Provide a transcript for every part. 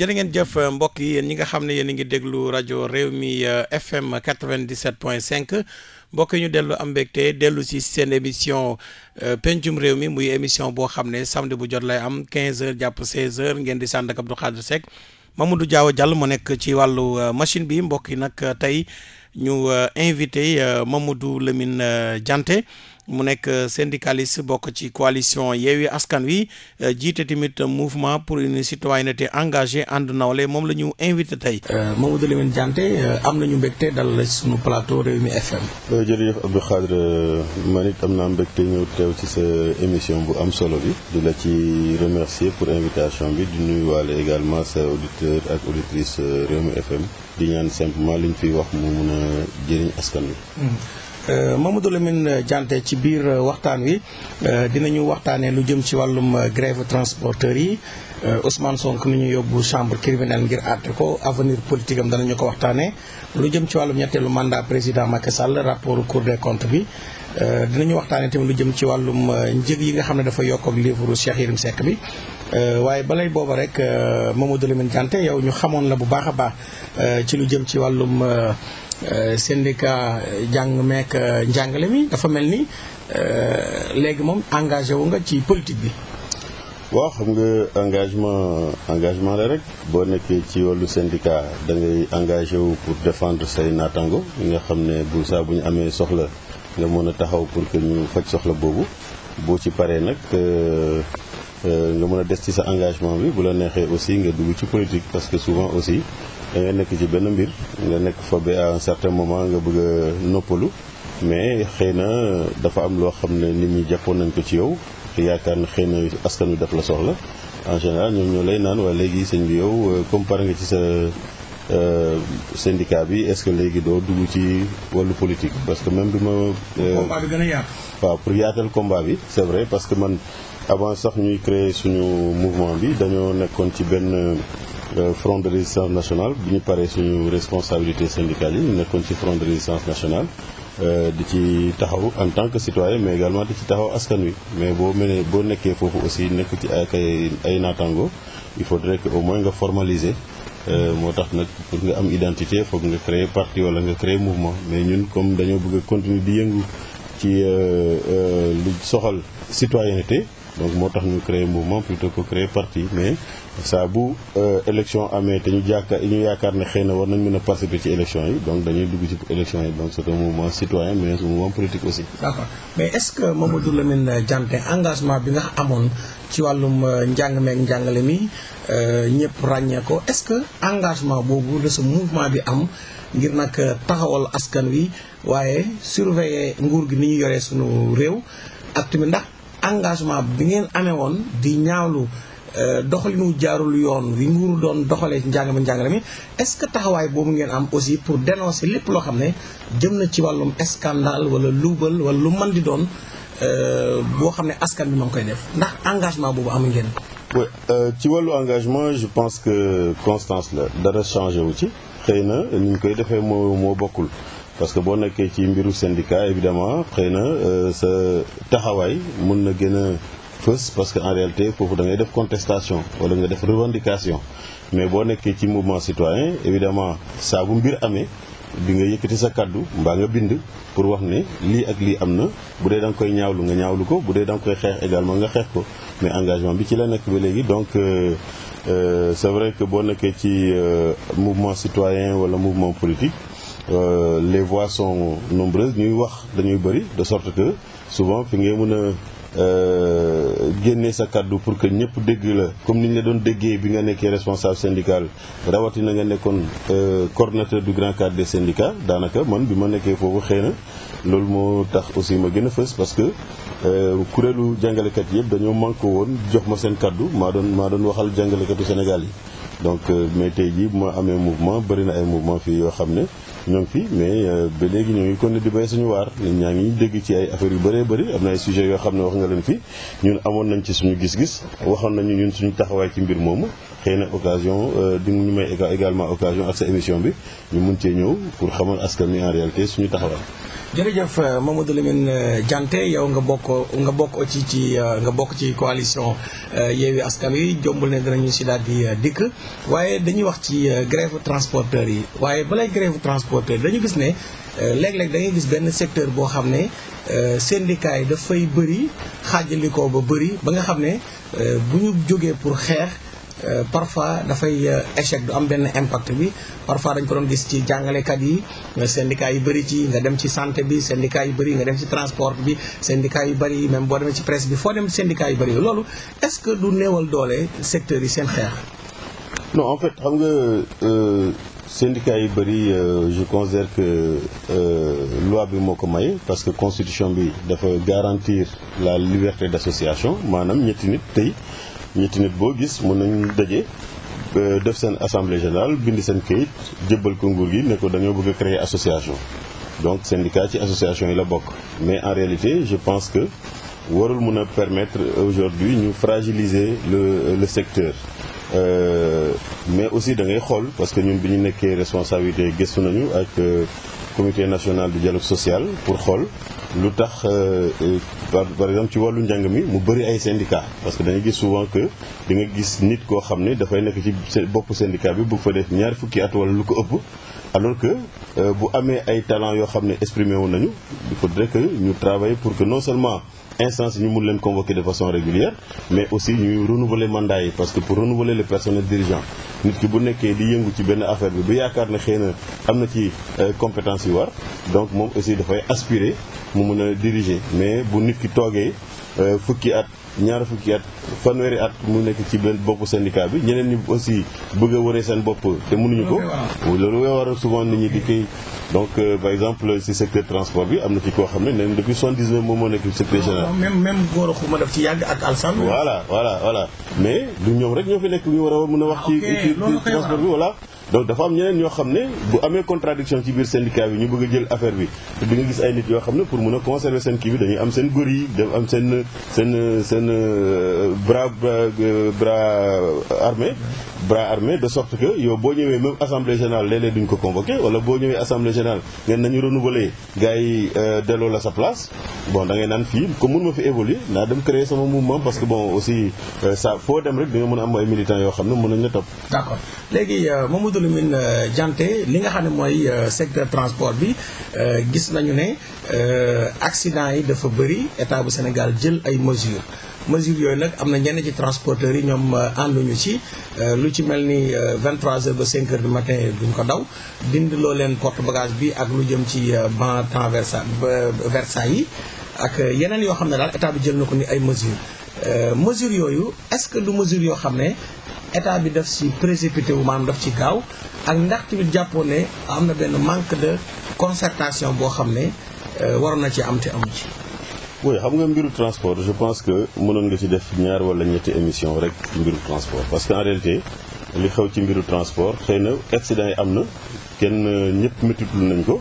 jërë ngeen jëf mbokk yi ñi nga xam ne yéen a ngi déglu rajo réew mi euh, FM 97.5 mbokk yi ñu dellu am mbégte dellu si seen émission euh, pencum réew mi muy émission boo xam ne samedi bu jot lay am 15 jàpp 16h ngeen di sànd ak Abdou Khadre Seck du Diaw Diallo mu nekk ci wàllu euh, machine bi mbokk yi nag tey ñu invité Mamadou Lamine jante mu nekk euh, syndicaliste bokk ci coalition Yewwi Askan Wi euh, jiite tamit mouvement pour une citoyenneté engagé ànd nawle moom la ñu invité tey. Euh, Mamadou Lamine jante am nañu mbégte dal la sunu plateau Rewmi FM. jërëjëf Abdou Khadre man it am naa mbégte ñëw teew ci sa émission bu am solo bi di la ci remercier pour invitation bi di nuyuwaale également sa auditeur ak auditrice Rewmi FM di ñaan simplement liñ fiy wax mu mun a jëriñ askan wi. Mm-hmm. Euh, Mamadou Lamine Diante ci biir euh, waxtaan wi euh, dinañu waxtaanee lu jëm ci wàllum grève transporteurs yi Ousmane Sonko mi ñu yóbbu chambre criminelle ngir àtte ko avenir politique am danañu ko waxtaanee. lu jëm ci wàllum ñetteelu mandat président Macky Sall rapport cour des comptes bi dinañu waxtaanee tamit lu jëm ci wàllum njëg yi nga xam ne dafa yokk ak livre Cheikh Yérim Seck bi. waaye balay booba rek Mamadou Lamine Diante yow ñu xamoon la bu baax a baax ci lu jëm ci wàllum. Euh, syndicat euh, jàng meek euh, njàngale mi dafa mel ni léegi moom engagé wu nga ci politique bi. waaw xam nga engagement engagement la rek boo nekkee ci wàllu syndicat da ngay engagé wu pour défendre say naataango yi nga xam ne bu saa bu ñu amee soxla nga mën a taxaw pour que ñu faj soxla boobu boo ci paree nag nga mën a des ci sa engagement bi bu la neexee aussi nga dugg ci politique parce que souvent aussi. da nekk ci benn mbir nga nekk fa ba à un certain moment nga bëgg noppalu mais xëy na dafa am loo xam ne nit ñi jàppoon nañ ko ci yow yaakaar na xëy na askan wi daf la soxla en général ñoom ñoo lay naan waa léegi seen bi yow euh, comparé nga ci sa euh, syndicat bi est-ce que léegi doo dugg ci wàllu politique parce que même bi ma. Euh, combat bi gën a pour yaatal combat bi c'est vrai parce que man avant sax ñuy créer suñu mouvement bi dañoo nekkoon ci benn. Euh, front de résistance nationale bi ñu paree suñu responsabilité syndicale yi nekkoon ci front de résistance nationale euh, di ci taxaw en tant que citoyen mais également di ci taxaw askan wi mais boo mënee boo nekkee foofu aussi nekk ci ak ay ay naataango il faudrait que au moins nga formaliser euh, moo tax nag pour nga am identité foog nga créer parti wala nga créer mouvement mais ñun comme dañoo bëgg a continuer di yëngu ci lu soxal citoyenneté donc moo tax ñu créer mouvement plutôt que créer parti mais saa bu euh, élection amee te ñu jàkka ñu yaakaar ne xëy na war nañ mën a participer ci élection yi donc dañuy dugg ci élection yi donc c'est un mouvement citoyen mais un mouvement politique aussi. d'accord mais est-ce que engagement bi nga amoon ci wàllum euh, njàng meek njàngale mi euh, ñëpp ràññee ko est-ce que engagement boobu la sa mouvement bi am ngir nag taxawal askan wi waaye surveiller nguur gi ni ñu yoree sunu réew ak tamit ndax. engagement bi ngeen amee woon di ñaawlu euh, doxalinu jaarul yoon wi nguuru doon doxalee njàng mi njàngale mi est-ce que taxawaay boobu ngeen am aussi pour dénoncer lépp loo xam ne jëm na ci wàllum scandale wala luubal wala lu mën di doon euh, boo xam ne askan bi ma ngi koy def ndax engagement boobu am ngeen. oui euh, ci wàllu engagement je pense que constance la dara changé wu ci xëy na ni ñu koy defee moo moo bokkul. parce que boo nekkee ci mbiru syndicat évidemment xëy na euh, sa taxawaay mun na gën a fës parce que en réalité foofu dangay def contestation wala nga def revendication mais boo nekkee ci mouvement citoyen évidemment saa bu amee di nga yëkkati sa kàddu mbaa nga bind pour wax ne lii ak lii am na bu da nga koy ñaawlu nga ñaawlu ko bu dee da koy xeex nga xeex ko mais engagement bi ci la nekk bi léegi donc euh, euh, c'est vrai que boo nekkee ci mouvement citoyen wala mouvement politique Euh, les voies sont ñuy wax dañuy bëri de sorte que souvent fi ngay mën a euh, génne sa kaddu pour que ñëpp dégg la comme ni ñu la doon déggee bi nga nekkee responsable syndical rawatina nga nekkoon euh, coordonnateur du grand cadre de syndicats daanaka man bi ma nekkee foofu xëy na loolu moo tax aussi ma gën a fës parce que kuréelu jàngalekat yëpp dañoo manqué woon jox ma seen kàddu maa doon maa doon waxal jàngalekatu Sénégal yi. donc euh, mais tey jii bu ma amee mouvement bëri na ay mouvement fii yoo xam ne ñoo ngi fi mais euh, ba léegi ñoo kon kon di béy suñu waar ñaa ngi dégg ci ay affaires yu baree bari am na ay sujets yoo xam ne wax nga leen fii ñun amoon nañ ci suñu gis-gis waxoon nañu ñun suñu taxawaay ci mbir moomu xëy na occasion euh, di ñu may également occasion ak sa émission bi ñu mun cee ñëw pour xamal askan wi en réalité suñu taxawaay jërëjëf euh, Mamadou Lamine euh, Diante yow nga bokk nga bokk ci ci euh, nga bokk ci coalition Yewwi Askan Wi jombul ne dinañu si daal di dikk waaye dañuy wax ci grève transporteurs yi waaye balay grève transporteurs yi dañu gis ne léeg-léeg da gis benn secteur boo xam ne syndicat yi dafay bëri xaajalikoo ba bëri ba nga xam ne bu ñu jógee pour xeex Euh, parfois dafay euh, échec du am benn impact bi parfois dañ ko doon gis ci jàngalekat yi syndicat yu bëri ci nga dem ci santé bi syndicat yu bëri nga dem ci transport bi syndicat yu bari même boo demee ci presse bi foo dem syndicat yu bëri loolu est-ce que du newal doole secteur yi seen xeex non en fait xam nga euh, syndicat yu bëri je considère que loi bi moo ko may parce que constitution bi dafa garantir la liberté d'association maanaam ñetti nit tey ñetti nit boo gis mën nañu daje euh, def seen assemblée générale bind seen kayit jébbal ko nguur gi ne ko dañoo bëgg a créer association. donc syndicat ci association yi la bokk mais en réalité je pense que warul mun a permettre aujourd'hui ñu fragiliser le le secteur. Euh, mais aussi da ngay xool parce que ñun bi ñu nekkee responsabilité gëstu nañu ak. Euh, comité national du dialogue social pour xool lu tax euh, euh, par exemple ci wàllu njàng mi mu bëri ay syndicat parce que dañuy gis souvent que di nga gis nit koo xam ne dafay nekk ci bopp syndicat bi bëgg fa def ñaari fukki at wala lu ko ëpp alors que euh, bu amee ay talent yoo xam ne exprimé wu nañu il faudrait que ñu travailler pour que non seulement instance ñu mun leen convoquer de façon régulière mais aussi ñuy renouveler mandat yi parce que pour renouveler le personnel dirigeant nit ki bu nekkee di yëngu ci benn affaire bi bu yaakaar na xëy na am na ci euh, compétence yi war donc moom aussi dafay aspirer mu mun a diriger mais bu nit ki toogee euh, fukki at ñaar fukki at fanweeri at mu nekk ci benn bopp syndicat bi ñeneen ñi aussi bëgg a wëree seen bopp te mënuñu ko loolu ngay waral souvent nit ñi di koy donc euh, par exemple si secteur transport bi am na ci koo xam ne neen depuis 79 moom moo nekk secrétaire général même même góor xuma daf ak alsan voilà voilà voilà mais du ñoom rek ñoo fi nekk ñu war a mën a wax ci transport bi voilà donc dafa am ñeneen yoo xam ne bu amee contradiction ci biir syndicat bi ñu bëgg a jël affaire bi te di gis ay nit yoo xam ne pour mun a conserver seen kii bi dañuy am seen góor yi dem am seen seen seen euh, bras euh, bras armé bras armé de sorte que yow boo ñëwee même assemblée générale léeg-léeg duñ ko convoqué wala boo ñëwee assemblée générale ngeen nañu renouveler gars yi euh, delloo la sa place bon da naan fii comme mun ma fi évoluer naa dem créer sama mouvement parce que bon aussi ça foo dem rek mën a am ay militants yoo xam ne mën nañ la topp d'accord léegi moom euh, Mamadou Lamine jante euh, li nga xam ne mooy euh, secteur transport bi gis nañu ne accident yi dafa bëri état bu Sénégal jël ay mesures mesures yooyu nag am na ñenn ci transporteurs yi ñoom ànduñu ci lu ci mel ni 23h ba cinq h du matin duñ ko daw dindi loo leen porte bagage bi ak lu jëm ci ban transversal Versailles yi ak yeneen yoo xam ne daal état bi jël na ko ni ay mesures mesures yooyu est-ce que du mesures yoo xam ne état bi daf si précipité wu maanaam daf ci gaaw ak ndax tamit jàppoo ne am na benn manque de concertation boo xam ne euh, waroon na ci am te amu ci. oui xam nga mbiru transport je pense que mënoon nga ci def ñaar wala ñetti émission rek mbiru transport parce que en réalité li xew ci mbiru transport xëy na accident yi am na kenn ñëpp métitlu nañ ko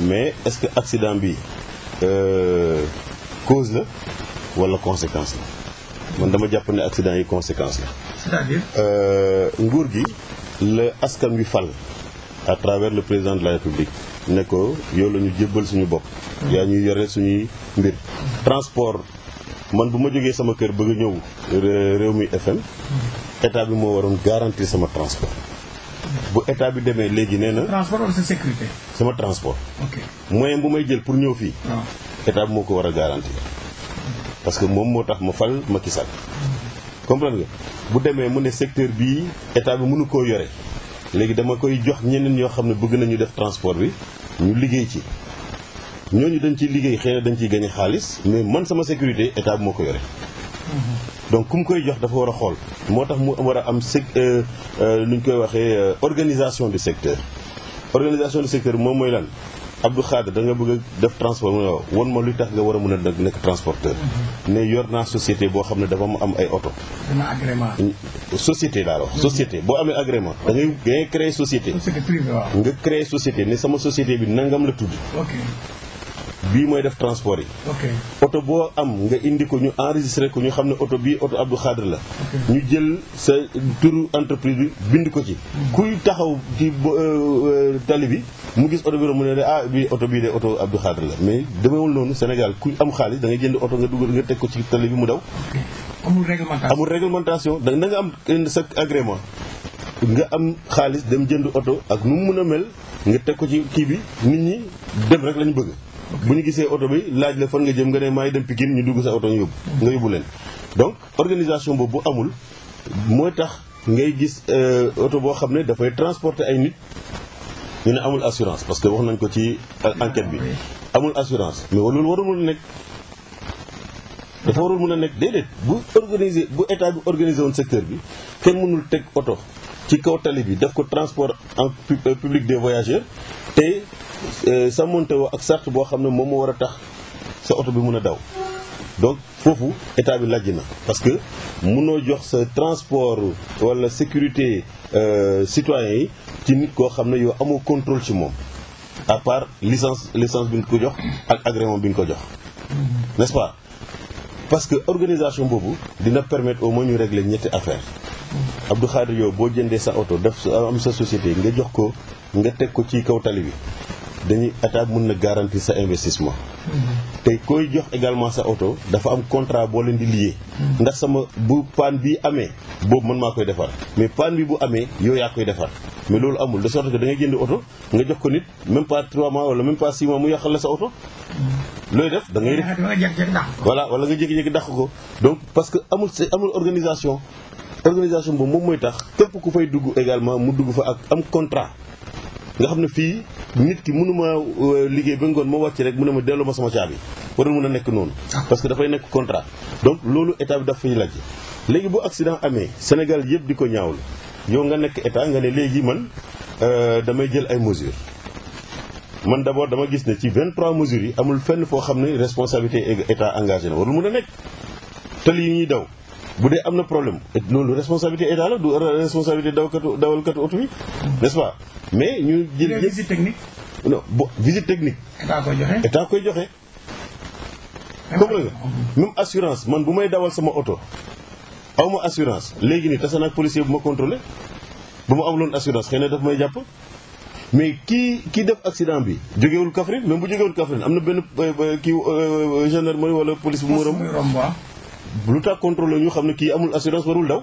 mais est-ce que accident bi euh, cause la wala conséquence la. man dama jàpp ne yi conséquence la. cest euh, nguur gi la askan wi fal à travers le président de la république ne ko yow la ñu jébbal suñu bopp. yaa ñuy yore suñuy mbir. transport man bu ma jógee sama kër bëgg ñëw ñëw Rewmi FM. état bi moo waroon garantir sama transport. bu état bi demee léegi nee na. transport wala sa sécurité. sama transport. moyen bu may jël pour ñëw fii. Ah. état bi moo ko war a garantir. parce que moom moo tax ma fal ma Sall comprendre nga bu demee mu ne secteur bii état bi mënu koo yore léegi dama koy jox ñeneen yoo xam ne bëgg nañu def transport bi ñu liggéey ci ñooñu dañ ciy liggéey xëy na dañ ci gagné xaalis mais man sama sécurité état bi moo ko yore donc ku mu koy jox dafa war a xool moo tax mu war a am sec euh, euh, nu ñu koy waxee euh, organisation du secteur organisation du secteur moom mooy lan Abdou Khadre da nga bëgg def transport mu ma lu tax nga war a mën a nekk transporteur. ne mm-hmm. yor naa société boo xam ne dafa am ay oto. dama société laa wax société boo amee agrément da ngay da ngay créer société. nga créer société ne sama société bi nangam la tudd. bii mooy def transport yi. oto boo am nga indi ko ñu enregistré ko ñu xam ne oto bii oto Abdou Khadre la. ñu jël sa turu entreprise bi bind ko ci. Hmm. kuy taxaw ci euh, euh, tali bi mu gis oto bi rek mu ne ah bii oto bii de oto Abdou Khadre la mais demeewul noonu Sénégal kuy am xaalis da ngay jënd oto nga dugal teg ko ci tali bi mu daw. amul réglementation amul réglementation da nga am sa agrément. nga am xaalis dem jënd oto ak nu mu mën a mel nga teg ko ci kii bi nit ñi dem rek lañu bëgg. bu ñu gisee oto bi laaj la fon nga jëm nga ne maay dem Pikine ñu dugg sa oto ñu yóbbu nga yóbbu leen donc organisation boobu amul mooy tax ngay gis euh, oto boo xam ne dafay transporter ay nit ñu ne amul assurance parce que wax nañ ko ci enquête bi amul assurance mais loolu warul mun a nekk dafa warul mun a nekk déedéet bu organiser bu état bi organiser woon secteur bi kenn mënul teg oto ci kaw tali bi def ko transport en euh, public des voyageurs te Euh, sa woo ak sart boo xam ne moom moo war a tax sa oto bi mun a daw donc foofu état bi lajj na parce que munoo jox sa transport wala sécurité euh, citoyen yi ci nit koo xam ne yow amoo contrôle ci moom à part licence licence bi nga ko jox ak agrément bi nga ko jox n'est-ce pas parce que organisation boobu dina permettre au moins ñu régler ñetti affaire Abdou Khadir yow boo jëndee sa oto def am sa société nga jox ko nga teg ko ci kaw tali bi dañuy état mën na garantir sa investissement. te koy jox également sa auto dafa am contrat boo leen di lié. ndax sama bu panne bi amee boobu man maa koy defar mais panne bi bu amee yow yaa koy defar mais loolu amul de sorte que da ngay jënd oto nga jox ko nit même par 3 mois wala même pas 6 mois mu yàqal la sa oto. looy def da ngay voilà wala nga jékki-jékki dàq ko donc parce que amul sa amul organisation organisation boobu moom mooy tax képp ku fay dugg également mu dugg fa ak am contrat. nga xam ne fii nit ki mënu ma euh, liggéey ba ngoon ma wàcc rek mun na ma delloo ma sama caabi warul mun a nekk noonu ah. parce que dafay nekk contrat donc loolu état bi daf fay léegi boo accident amee Sénégal yëpp di ko ñaawlu yow nga nekk état nga ne léegi man euh, damay jël ay mesures man d' abord dama gis ne ci 23 mesures yi amul fenn foo xam ne responsabilité état engagé na warul mën a nekk tël yi ñuy daw bu dee am na problème loolu responsabilité état la du responsabilité dawalkatu dawalkatu oto bi n'est-ce pas mais ñu jël visite technique non technique état koy joxe état koy joxe comprendre assurance man bu may dawal sama oto aw ma assurance léegi nii tasa naag policier bu ma contrôlé ba ma amuloon assurance xëy na daf may jàpp mais kii kii def accident bi jógewul Kaffrine même bu jógewul Kaffrine am na benn euh, euh, kii euh, gendarmerie wala police bu mu romb lu tax contrôlé ñu xam ne kii amul assurance warul daw.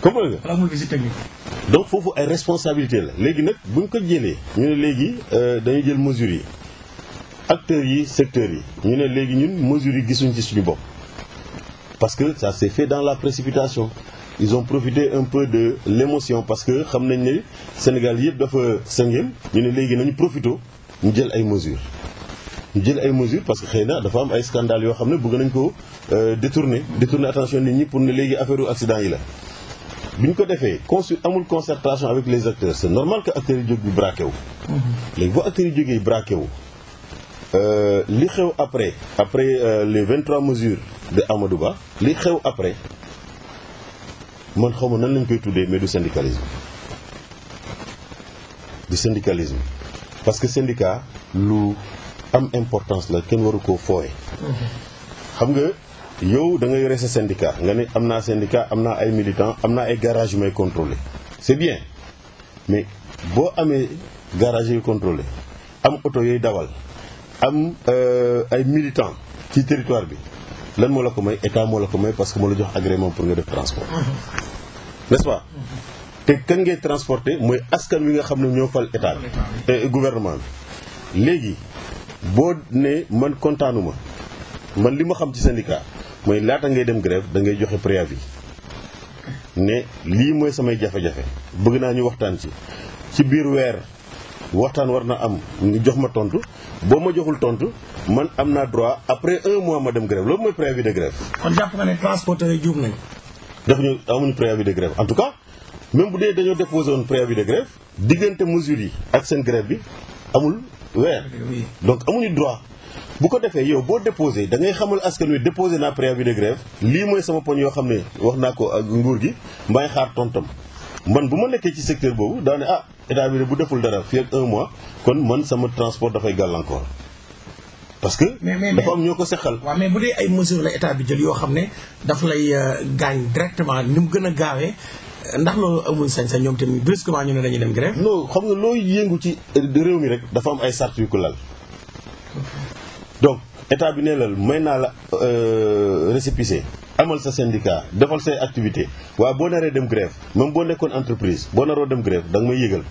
comprendre nga. amul visite technique. donc foofu ay responsabilité la léegi nag buñ ko jëlee ñu ne léegi euh, dañuy jël mesures yi acteurs yi secteurs yi ñu ne léegi ñun mesures yi gisuñ ci suñu bopp. parce que ça s'est fait dans la précipitation ils ont profité un peu de l'émotion parce que xam nañu ne Sénégal yëpp dafa sëngeen ñu ne léegi nañu profité ñu jël ay mesures. ñu jël ay mesures parce que xëy na dafa am ay scandale yoo xam ne bëgg nañ ko euh, détourner détourner attention nit ñi pour ne léegi affaire accident yi la bu ñu ko defee consul amul concertation avec les acteurs c'est normal que acteurs yi mhm. léegi boo acteurs yi jógee braqué wu euh, li xew après après euh, les 23 mesures de Amadou Ba li xew après man xaw ma nan lañ koy tuddee mais du syndicalisme du syndicalisme parce que syndicat lu am importance la kenn waru ko fooye xam nga yow da nga yore sa syndicat nga ne am naa syndicat am na ay militants am na ay garage yu may contrôler c'est bien mais boo amee garage yu contrôler am oto yooyu dawal am euh, ay militants ci territoire bi lan moo la ko may état moo la ko may parce que moo la jox agrément pour nga def transport n'est-ce te kan ngay transporter mooy askan wi nga xam ne ñoo fal état bi gouvernement bi léegi boo ne man kontaanuma man li ma xam ci syndicat mooy laata ngay dem grève da ngay joxe préavis ne lii mooy samay jafe-jafe bëgg naa ñu waxtaan ci ci biir weer waxtaan war na am ñu jox ma tontu boo ma joxul tontu man am naa droit après un mois ma dem grève loolu mooy préavis de grève. kon jàpp nga ne transporteurs yi juum nañu. defuñu amuñu préavis de grève en tout cas même bu dee dañoo déposé woon préavis de grève diggante mesures yi ak seen grève bi. amul weer donc amuñu droit bu ko defee yow boo déposé da ngay xamal askan wi déposé naa préavis de grève lii mooy sama poñ yoo xam ne wax naa ko ak nguur gi mbaay xaar tontam man bu ma nekkee ci secteur boobu daa ne ah état bi de bu deful dara fii ak un mois kon man sama transport dafay gàllankoor parce que dafa am ñoo ko seqal waaw mais bu dee ay mesures la état bi jël yoo xam ne dafa lay euh, gaañ directement ni mu gën a gaawee ndax loolu amul sañ-sañ ñoom tamit brusquement ñu ne dañuy dem grève. non xam nga loo yëngu ci réew mi rek dafa am ay sart yu ko lal donc état bi ne lal may naa la euh, récépissé amal sa syndicat defal sa activité waaye boo naree dem grève même boo nekkoon entreprise boo naroo dem grève da nga may yëgal.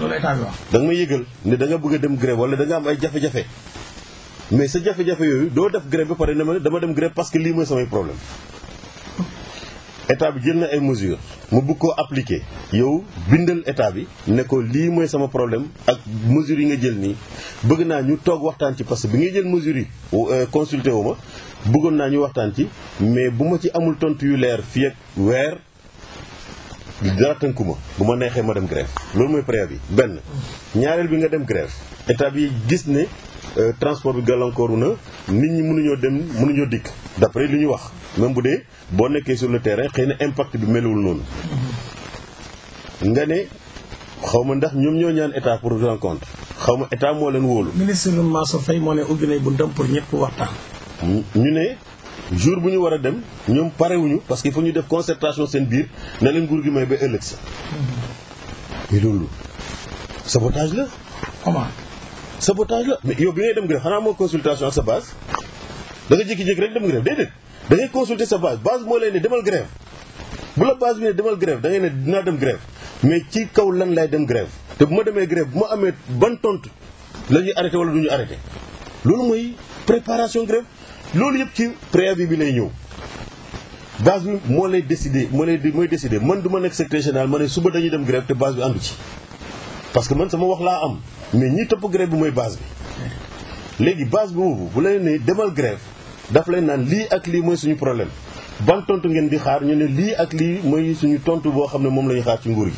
loolu état bi wax. may yëgal ne da nga bëgg a dem grève wala da nga am ay jafe-jafe mais sa jafe-jafe yooyu doo def grève ba pare ne ma dama dem grève parce que lii mooy samay problème. état bi jël na ay mesures mu bëgg koo appliquer yow bindal état bi ne ko lii mooy sama problème ak mesures yi nga jël nii bëgg naa ñu toog waxtaan ci parce que bi ngay jël mesures yi euh, consulté wu ma bëggoon naa ñu waxtaan ci mais bu ma ci amul tontu yu leer fii ak weer dara tënku ma bu ma neexee ma dem grève loolu mooy préavis bi benn ñaareel bi nga dem grève état bi gis ne euh, transport bi gàllankooru na nit ñi mënuñoo dem mënuñoo dikk d'après li ñu wax même bu dee boo nekkee sur le terrain xëy na impact bi melul noonu. nga ne xaw ma ndax ñoom ñoo ñaan état pour rencontre xaw ma état moo leen wóolu. ministre Mansour Faye moo ne ubbi nañ bu ndam pour ñëpp waxtaan. ñu ne jour bu ñu war a dem ñoom parewuñu parce que il faut ñu def concertation seen biir na leen nguur gi may ba ëllëg sa. Mm-hmm. mais loolu sabotage la. comment. sabotage la mais yow bi ngay dem grève xanaa moo consultation ak sa base da nga jékki-jékki rek dem grève déedéet. da ngay consulter sa base base moo lay ne demal grève bu la base bi ne demal grève da ne dinaa dem grève mais ci kaw lan lay dem grève te bu ma demee grève bu ma amee ban tontu la ñuy arrêté wala du ñu arrêté loolu mooy préparation grève loolu yëpp ci préavis bi lay ñëw base bi moo lay décidé moo lay mooy décidé man du ma nekk secrétaire général ma ne suba dañuy dem grève te base bi àndu ci parce que man sama wax laa am mais ñi topp grève bi mooy base léegi base boobu bu lay ne demal grève daf lay naan lii ak lii mooy suñu problème ban tontu ngeen di xaar ñu ne lii ak lii mooy suñu tontu boo xam ne moom la ñuy xaar ci nguur gi.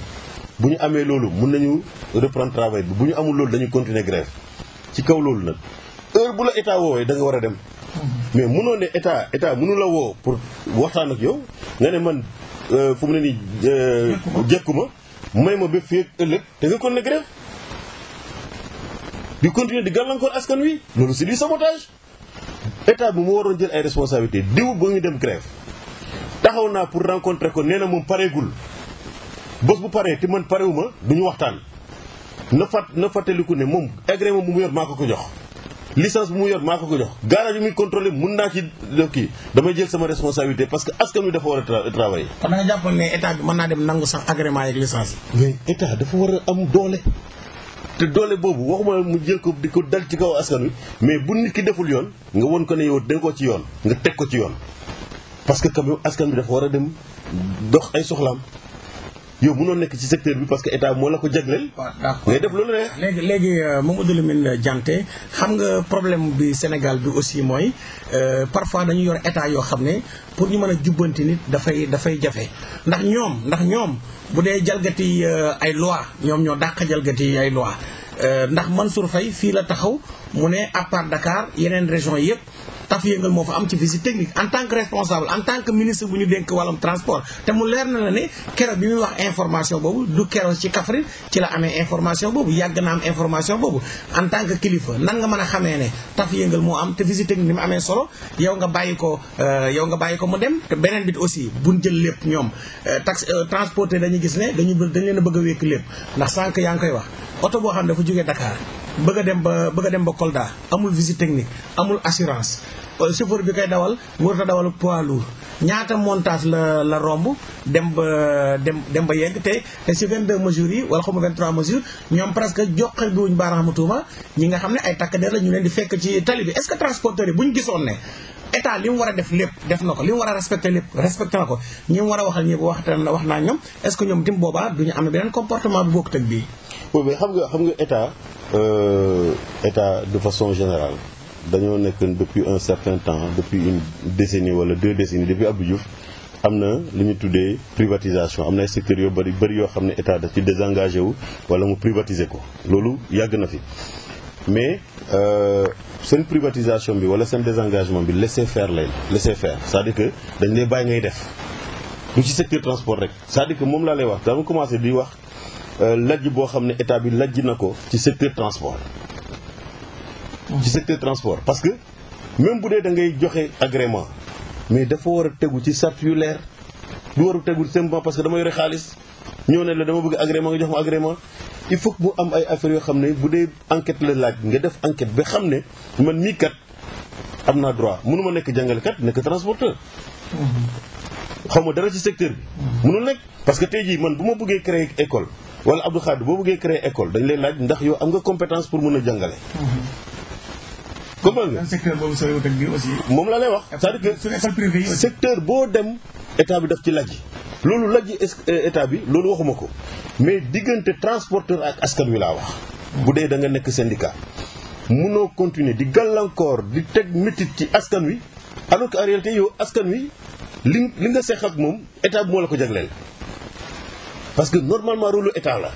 bu ñu amee loolu mun nañu reprendre travail bi bu ñu amul loolu dañu continuer grève ci kaw loolu nag heure bu la état woowee da nga war a dem. mais munoo ne état état mënu la woo pour waxtaan ak yow nga ne man euh, fu mu ne nii. Euh, jekku ma may ma ba fii ak ëllëg te nga continuer grève di continuer di askan wi loolu c'est du sabotage. état bi mu waroon jël ay responsabilité diw ba ñu dem grève taxaw naa pour rencontrer ko nee na moom pareegul bés bu paree te man parewuma du ñu waxtaan na fat na fàttaliku ne moom agrément bu mu yor maa ko ko jox licence bu mu yor maa ko ko jox garage bi muy contrôlé mun naa ci kii damay jël sama responsabilité parce que askan wi dafa war a travailler. kon da ne état bi mën naa dem nangu sax agrément yeeg licence yi. mais dafa war a am doole. te doole boobu waxuma mu jël ko di ko dal ci kaw askan wi mais bu nit ki deful yoon nga won ko ne yow da ko ci yoon nga teg ko ci yoon parce que quand askan bi dafa war a dem dox ay soxlaam yow mënoo nekk ci secteur bi parce que état moo la ko jagleel. ngay ah, def loolu ne. léegi léegi euh, Mamadou Lamine Diante xam nga problème bi Sénégal bi aussi mooy euh, parfois dañu yore état yoo xam ne pour ñu mën a jubbanti nit dafay dafay jafe ndax ñoom ndax ñoom bu dee jalgati euh, ay loi ñoom ñoo dàq jalgati ay loi ndax Mansour Faye fii la taxaw mu ne à part Dakar yeneen région yëpp. taf yëngal moo fa am ci visite technique en tant que responsable en tant que ministre bu ñu dénk wàllum transport te mu leer na la ne kero bi muy wax information boobu du kero ci Kaffrine ci la amee information boobu yàgg na am information boobu en tant que kilifa nan nga mën a xamee ne taf yëngal moo am te visite technique ni mu amee solo yow nga bàyyi ko euh, yow nga bàyyi ko mu dem te bi bit aussi buñ jël lépp ñoom euh, tax euh, transporté dañuy gis ne dañu dañ leen a bëgg a wékk lépp ndax sànq yaa ngi koy wax oto boo xam ne dafa jógee Dakar bëgg a dem ba bëgg dem ba Kolda amul visite technique amul assurance euh, chauffeur bi koy dawal warut a dawal poids lourd ñaata montage la la romb dem ba dem dem ba yegg te te si 22 mesures yi wala xam nga 23 mesures ñoom presque joxe duñ baaraamu tuuma ñi nga xam ne ay takk der la leen di fekk ci tali bi est-ce yi bu gisoon ne. état li mu war a def lépp def na ko li mu war a respecté lépp respecté na ko ñi mu war a waxal ñëpp waxtaan wax naa ñoom est-ce ñu am beneen comportement bu bokkut oui xam nga xam nga état euh, état de façon général dañoo nekk depuis un certain temps depuis une décennie wala deux décennies depuis Abdou Diouf am na lu ñu tuddee privatisation am na ay secteurs yoo bëri bëri yoo xam ne état daf ci désengagé wu wala mu privatiser ko loolu yàgg na fi mais euh, seen privatisation bi wala seen désengagement bi laisser faire lay laisser faire c'est-à-dire que dañ lay bàyyi ngay def du ci secteur transport rek cest à que moom laa lay wax dama commencé di wax Euh, lajj boo xam ne état bi lajj na ko ci secteur transport ci secteur transport parce que même bu dee da ngay joxe agrément mais dafa war a tegu ci sart yu leer du waru a tegu simplement parce que dama yore xaalis ñëw ne dama bëgg agrément nga jox ma agrément il faut que mu am ay affaires yoo xam ne bu dee enquête la laaj nga def enquête bi xam ne man mii kat am naa droit mënuma ma nekk jàngalekat nekk transporteur mhm. xaw ma dara ci secteur bi mënul mhm. nekk parce que tey jii man bu ma bëggee créer école wala Abdou Khadre boo bëggee créer école dañ lay laaj ndax yow am nga compétence pour mën a jàngale. Mhm. comprendre nga. secteur boobu sooy aussi. moom la lay wax c'est-à-dire que école privée boo dem état bi daf ci laaj. loolu laaj euh, état bi loolu waxuma ko mais diggante transporteur ak askan wi laa wax. bu dee da nga nekk syndicat. mënoo continuer di gàllankoor di teg métit ci askan wi alors que en réalité yow askan wi li li nga seq ak moom état bi moo la ko jagleel. parce que normalement rôle état la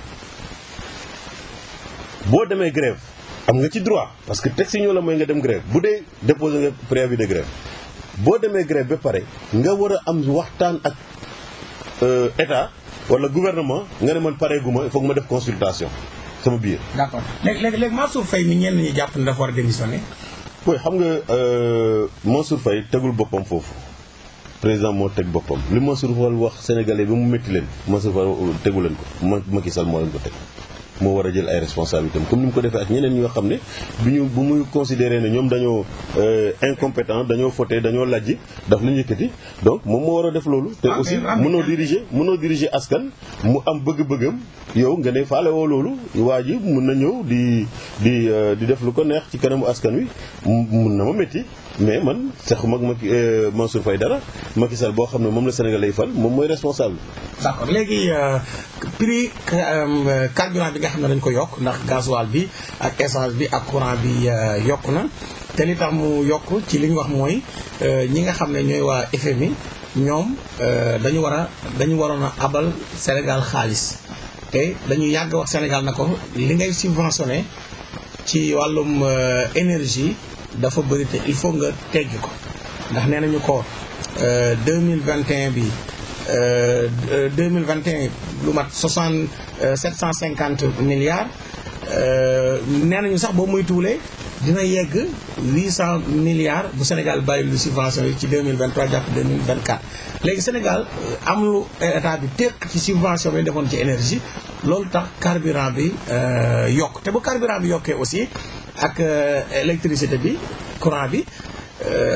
boo demee grève am nga ci droit parce que teg si ñoo la mooy nga dem grève bu dee déposé nga préavis de grève boo demee grève ba pare nga war a am waxtaan ak euh, état wala gouvernement nga ne man pare gu ma il ma def consultation sama biir. d'accord léegi léegi léegi Mansour Faye mi ñenn ñi jàpp ne dafa war a démissionner. oui xam nga euh, Mansour Faye tegul boppam foofu. président moo teg boppam li Mansour Fall wax sénégalais bi mu métti leen Mansour Fall tegu leen ko Macky Sall moo leen ko teg moo war a jël ay responsabilités comme ni mu ko defee ak ñeneen ñoo xam ne bi ñu bu muy considéré ne ñoom dañoo euh, incompétent dañoo fauté dañoo lajj daf lu ñu yëkkati donc moom moo war a def loolu te ah, aussi ah, mënoo ah. diriger mënoo diriger askan mu am bëgg-bëggam yow nga ne faale woo loolu waa ji mun na ñëw di di euh, di def lu ko neex ci kanamu askan wi mun na ma métti mais man saxu mag Macky euh, Mansour Faye dara Macky Sall boo xam ne moom la Sénégal lay fal moom mooy responsable d'accord léegi euh, prix carburant bi nga xam ne dañ ko yokk ndax gasoil bi ak essence bi ak courant bi yokk na te li tax mu yokk ci li ñu wax mooy ñi nga xam ne ñooy waa FMI ñoom dañu war a dañu waroon a abal Sénégal xaalis te dañu yàgg wax Sénégal na ko li ngay subventionné ci wàllum euh, énergie dafa bëri te il faut nga tegg ko ndax nee nañu ko euh, deux mille vingt 2021 bi 2021 euh, lu mat 60 750 milliards nee nañu sax boo muy tuulee dina yegg huit cent milliards bu Sénégal bàyyi lu subvention yi ci deux mille vingt trois vingt quatre léegi Sénégal euh, am lu état bi tekk ci subvention bi defoon ci énergie loolu tax carburant bi euh, yokk te bu carburant bi yokkee aussi ak euh, électricité bi courant bi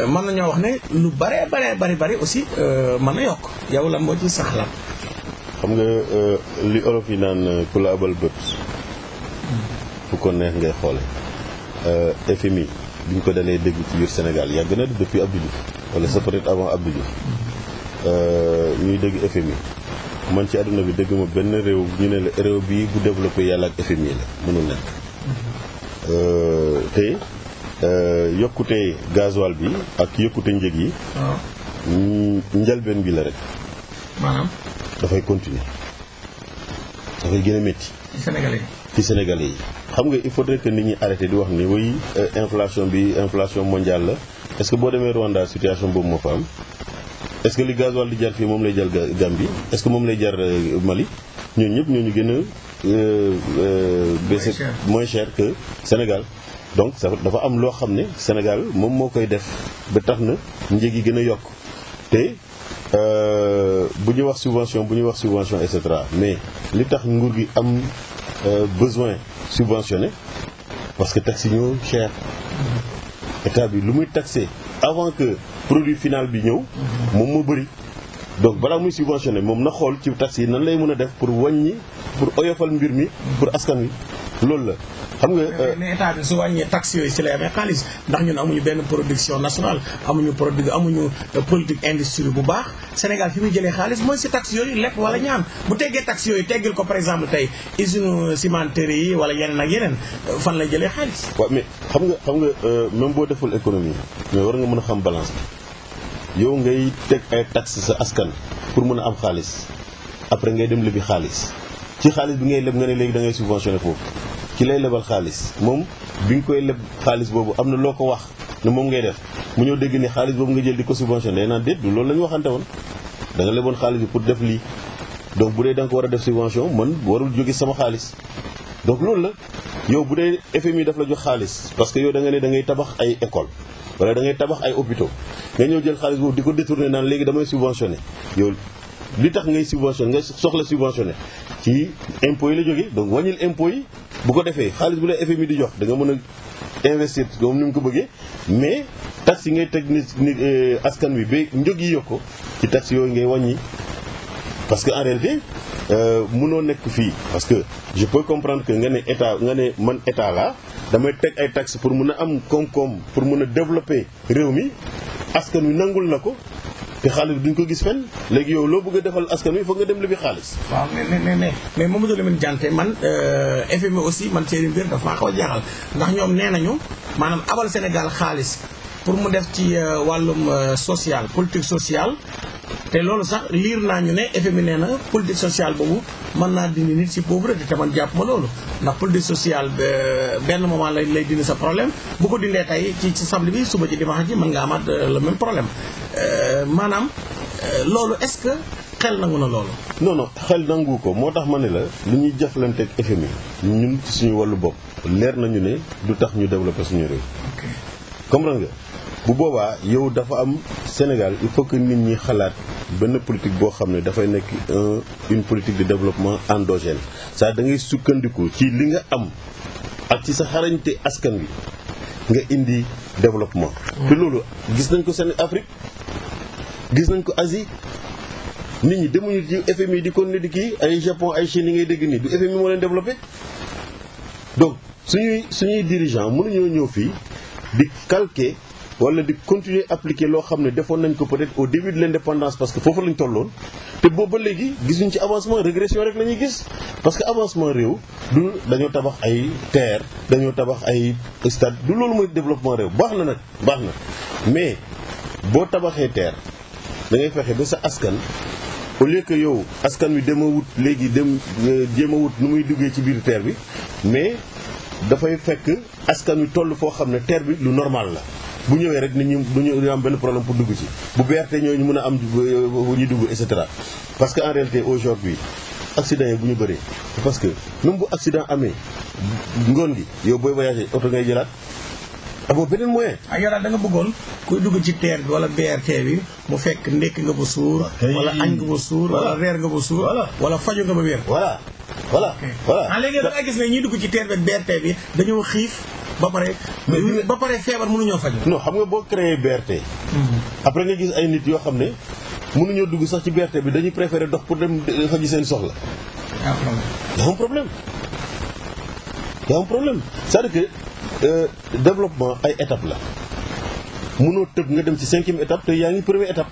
mën nañoo wax ne lu bare bare bari bari aussi mën na yokk yow lan moo ci saxla xam nga li olof yi naan ku la abal bët fu ko neex ngay xoole Euh, FMI bi ñu ko danee dégg ci biir Sénégal yàgg na depuis Abdou Diouf wala c'est peut avant Abdou euh, ñuy dégg FMI man ci àdduna bi dégg ma benn réew ñu ne la réew bii bu développé yàlla ak FMI la mënul nekk euh, te yokkute gasoil bi ak yokkute njëg yi njalbeen bi la rek dafay continuer dafay gën a ci Sénégalais yi xam nga il faudrait que nit ñi arrêté di wax ni oui euh, inflation bi inflation mondiale la est-ce que boo demee Rwanda situation boobu moo fa am est-ce que li gasoil di jar fii moom lay jar Gambie est-ce que moom lay jar euh, Mali ñooñu ñëpp ñooñu gën a euh, baissé moins cher que Sénégal donc dafa am loo xam ne Sénégal moom moo koy def ba tax na njëg yi gën a yokk te bu ñu wax subvention bu ñu wax subvention et cetera mais li tax nguur gi am besoin subventionné parce que taxes yi ñoo cher état bi lu muy taxé avant que produit final bi ñëw moom moo bëri donc balaa muy subventionné moom na xool ci taxes yi nan lay mën a def pour wàññi pour oyofal mbir mi pour askan wi loolu la xam nga. mais état bi su wàññee yooyu si lay ndax ñun amuñu benn production nationale amuñu produit amuñu euh, politique industrie bu baax Sénégal fi muy jëlee xaalis mooy si taxes yooyu lekk wala ñaan bu teggee taxes yooyu teggil ko par exemple tey usine cimenterie yi wala yeneen ak yeneen euh, fan lay jëlee xaalis. waaw mais xam nga xam nga euh, même boo deful économie mais war nga mën a xam balance yow ngay teg ay taxes sa askan pour mën a am xaalis après ngay dem lebi xaalis ci xaalis bi ngay leb nga ne léegi da ngay subventionné foofu. ki lay lebal xaalis moom bi nga koy leb xaalis boobu am na loo ko wax ne moom ngay def mu ñëw dégg ni xaalis boobu nga jël di ko subventionné day naan déet loolu la ñu waxante woon da nga leboon xaalis bi pour def lii donc bu dee da ko war a def subvention man warul jóge sama xaalis donc loolu la yow bu dee FMI daf la jox xaalis parce que yow da nga ne da ngay tabax ay école wala da ngay tabax ay hôpitaux nga ñëw jël xaalis boobu di ko détourné naan léegi damay subventionné yow li tax ngay subventionné nga soxla subventionné ci impôts yi la jóge donc wàññil impôts yi bu ko defee xaalis bu la FMI di jox danga mën a investir comme ni mu ko bëggee mais taxes yi ngay teg nit nit euh, askan wi ba njëg yi yokk ci taxes yooyu ngay wàññi parce que en réalité euh, mënoo nekk fii parce que je peux comprendre que nga ne état nga ne man état la damay teg ay taxes pour mun a am koom-koom pour mun a développer réew mi askan wi nangul na ko te xaalis bi duñ ko gis fenn léegi yow loo bëgg a defal askan wi foog nga dem li bi xaalis. waaw mais mais mais mais Mamadou Lamine Diante man euh, FMI e aussi man seen mbir dafa maa a jaaxal ndax ñoom nee nañu maanaam abal Sénégal xaalis. pour mu def ci euh, wàllum euh, social politique sociale te loolu sax liir naa ñu ne FMI nee na politique sociale boobu mën naa dindi nit si pauvreté te man jàpp ma loolu ndax politique sociale euh, benn moment lay lay dindi sa problème bu ko dindee tey ci ci samedi bi suba ci dimanche ji mën nga amaat le même problème maanaam loolu est-ce que xel nangu na loolu. non non xel nangu ko moo tax ma ne la li ñuy jëflante ak FMI ñu ci suñu wàllu bopp leer nañu ne du tax ñu développé suñu réew. bu boobaa yow dafa am Sénégal il faut que nit ñi xalaat benn politique boo xam ne dafay nekk un une politique de développement endogène ça da ngay sukkandiku ci li nga am ak ci sa xarañte askan wi nga indi développement. te loolu gis nañ ko seen Afrique gis nañ ko asi nit ñi demuñu ci FMI di kon ne di ay Japon ay Chine yi ngay dégg nii du FMI moo leen développé donc suñuy suñuy dirigeant mënuñoo ñëw fii di calquer. wala di continuer appliquer loo xam ne defoon nañ ko peut-être au début de l'indépendance parce que foofu lañ tolloon te boobu ba léegi gisuñ ci avancement régression rek la ñuy gis parce que avancement réew du dañoo tabax ay terre dañoo tabax ay stade du loolu mooy développement réew baax na nag baax na mais boo tabaxee terre da ngay fexe ba sa askan au lieu que yow askan wi dem a wut léegi dem euh, jéem a wut nu muy duggee ci biiru terre bi mais dafay fekk askan wi toll foo xam ne terre bi lu normal la bu ñëwee rek nit ñi duñu am benn problème pour dugg ci bu BRT ñooñu mën a am ñu dugg et cetera parce que en réalité aujourd'hui accident yi bu ñu bëree parce que même bu accident amee ngoon gi yow booy voyagé oto ngay jëlaat amoo beneen moyen. ak ah, yow da nga bëggoon kuy dugg ci TER bi wala BRT bi mu fekk ndekk nga ba suur. wala añ nga ba suur. wala reer nga ba suur. wala faju nga ba wér. voilà voilà voilà. Ah, léegi da nga gis ne ñiy dugg ci TER bi BRT bi dañoo xiif. ba pare. mais ba pare feebar mënuñoo faj. non xam nga boo créé BRT. après nga gis ay nit yoo xam ne mënuñoo dugg sax ci BRT bi dañuy préféré dox pour dem faji seen soxla. Ah, y' a un problème y' a un problème cest à euh, développement ay étape la mënoo tëb nga dem ci cinquième étape te yaa ngi première étape.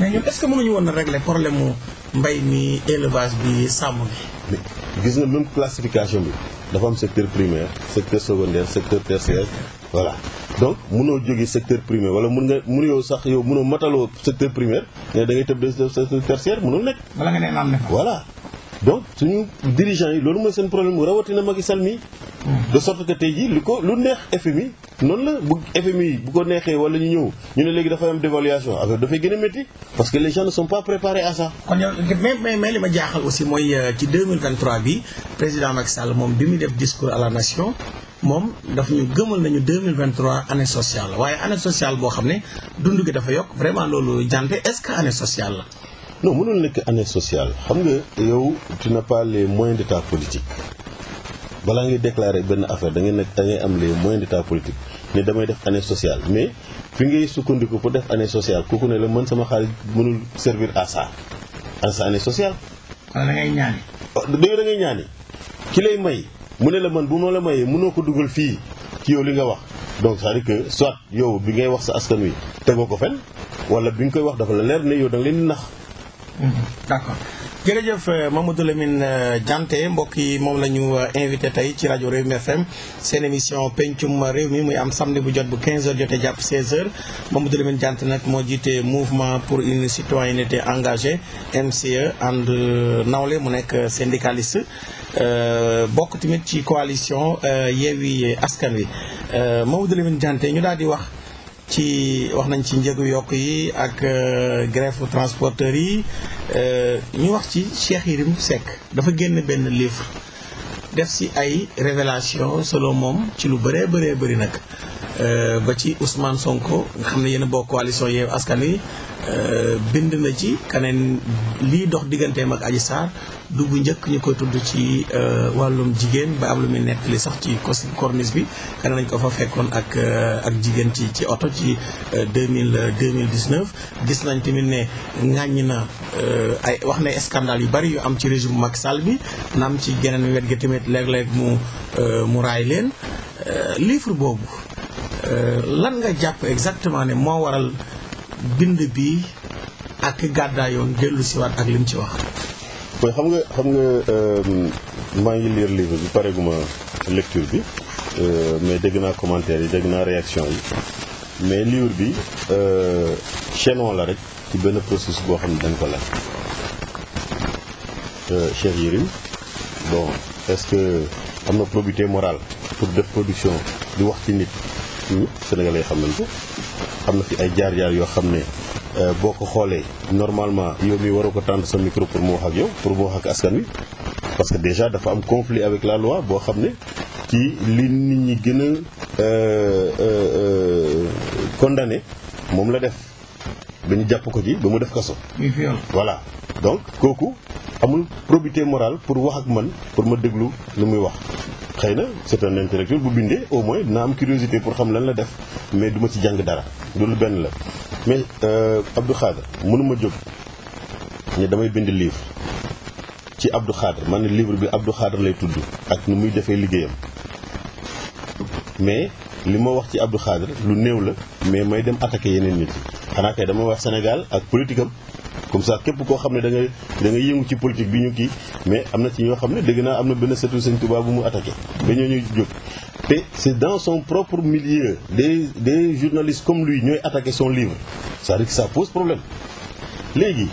mais ñun est-ce que mënuñu woon a régler problème mu mbay mi élevage bi sàmm bi. gis nga même classification bi dafa am secteur primaire secteur secondaire secteur tertiaire voilà donc mënoo jógee secteur primaire wala mun nga mun yow sax yow mënoo mataloo secteur primaire nga da ngay tëb de secteur tertiaire mënul nekk. bala nga ne naam ne voilà donc suñu dirigeants yi loolu mooy seen problème rawatina Macky Sall mi de sorte que tey jii lu ko lu neex FMI noonu la bu FMI bu ko neexee wala ñu ñëw ñu ne léegi dafa am dévaluation affaire dafay gën a parce que les gens ne sont pas préparés à kon yow mais mais li ma jaaxal aussi mooy euh, ci 2023 bi président Macky Sall moom bi muy def discours à la nation. moom daf ñu gëmal nañu 2023 année sociale la waaye année sociale boo xam ne dund gi dafa yokk vraiment loolu jante est-ce que année sociale la. non mënul nekk année sociale xam nga yow tu n'as pas les moyens ta politique. balaa ngay déclarer benn affaire da ngay nekk da am les moyens d'état politique ne damay def année sociale mais fi ngay sukkandiku ko def année sociale kooku ne la man sama xaalis mënul servir à ça à sa année sociale. ñaani. Oh, da ñaani ki lay may mu ne la mën bu ma la mayee mënoo ko dugal fii ci yow li nga wax donc cest à soit yow bi ngay wax sa askan wi tegoo ko fen wala bi nga koy wax dafa la leer ne yow da nga leen nax. Mm-hmm. jërëjëf euh, Mamadou Lamine euh, Diante mbokk yi moom la ñu euh, invité tey ci rajo Rewmi FM seen émission pencum réew mi muy am samedi bu jot bu 15h jotee jàpp 16h Mamadou Lamine jànt nag moo jiite mouvement pour une citoyenneté engagée MCE ànd nawle mu nekk syndicaliste bokk tamit ci coalition Yewwi Askan Wi Mamadou Lamine Diante ñu daal di wax. ci wax nañ ci njëgu yokk yi ak euh, greffe transporteurs yi euh, ñu wax ci Cheikh Yérim Seck dafa génn benn livre def si ay révélation selon moom ci lu bëree bëree bëri nag euh, ba ci Ousmane Sonko nga xam ne yenn a bokk coalition Yewwi Askan Wi Euh, bind na ci kaneen lii dox digganteem ak Adji Sarr dugg njëkk ñu koy tudd ci euh, wàllum jigéen ba am lu muy li sax ci corniche bi kaneen nañ ko fa fekkoon ak euh, ak jigéen ci ci oto ci deux mille deux mille dix-neuf gis nañ tamit ne ŋàññi na ay wax na scandale yu bari yu am ci régime Macky Sall bi na ci geneen wet gi tamit léeg-léeg mu mu raay leen livre boobu lan nga jàpp exactement ne moo waral bind bi ak gàddaa yoon dellu siwaat ak lim ci wax mooy xam nga xam nga euh, maa ngi liir livre bi pareeguma lecture bi euh, mais dégg naa commentaire yi dégg naa réaction yi mais livre bi euh, chaînon la rek ci benn processus boo xam ne dañ ko laaj Cheikh Yérim bon est am na probité morale pour def production di wax ci nit ñi hmm? Sénégalais xam nañ ko am na fi ay jaar jaar yoo xam ne euh, boo ko xoolee normalement yow mi waroo ko tendre sa micro pour mu wax ak yow pour mu wax ak askan wi parce que déjà dafa am conflit avec la loi boo xam ne ci li nit ñi gën a euh, euh, moom la def ba ñu jàpp ko ci ba mu def kaso voilà donc kooku amul probité morale pour wax ak man pour ma déglu lu muy wax xëy na c'est un bu bindee au moins dina am curiosité pour xam lan la def mais duma ci jàng dara loolu benn la mais euh, Abdou Khadre mënuma jóg ne damay bind livre ci Abdou Khadre man ne livre bi Abdou Khadre lay tudd ak nu muy defee liggéeyam mais li ma wax ci Abdou Khadre lu néew la mais may dem attaquer yeneen nit yi xanaa kay dama wax Sénégal ak politique comme ça képp koo xam ne da ngay da ngay yëngu ci politique bi ñu kii mais am na ci ñoo xam ne dégg naa am na benn sëtu Sëñ Tuubaa bu mu attaqué ba ñooñu jóg te c'est dans son propre milieu des des journalistes comme lui ñooy attaqué son livre c'est-à-dire que ça pose problème léegi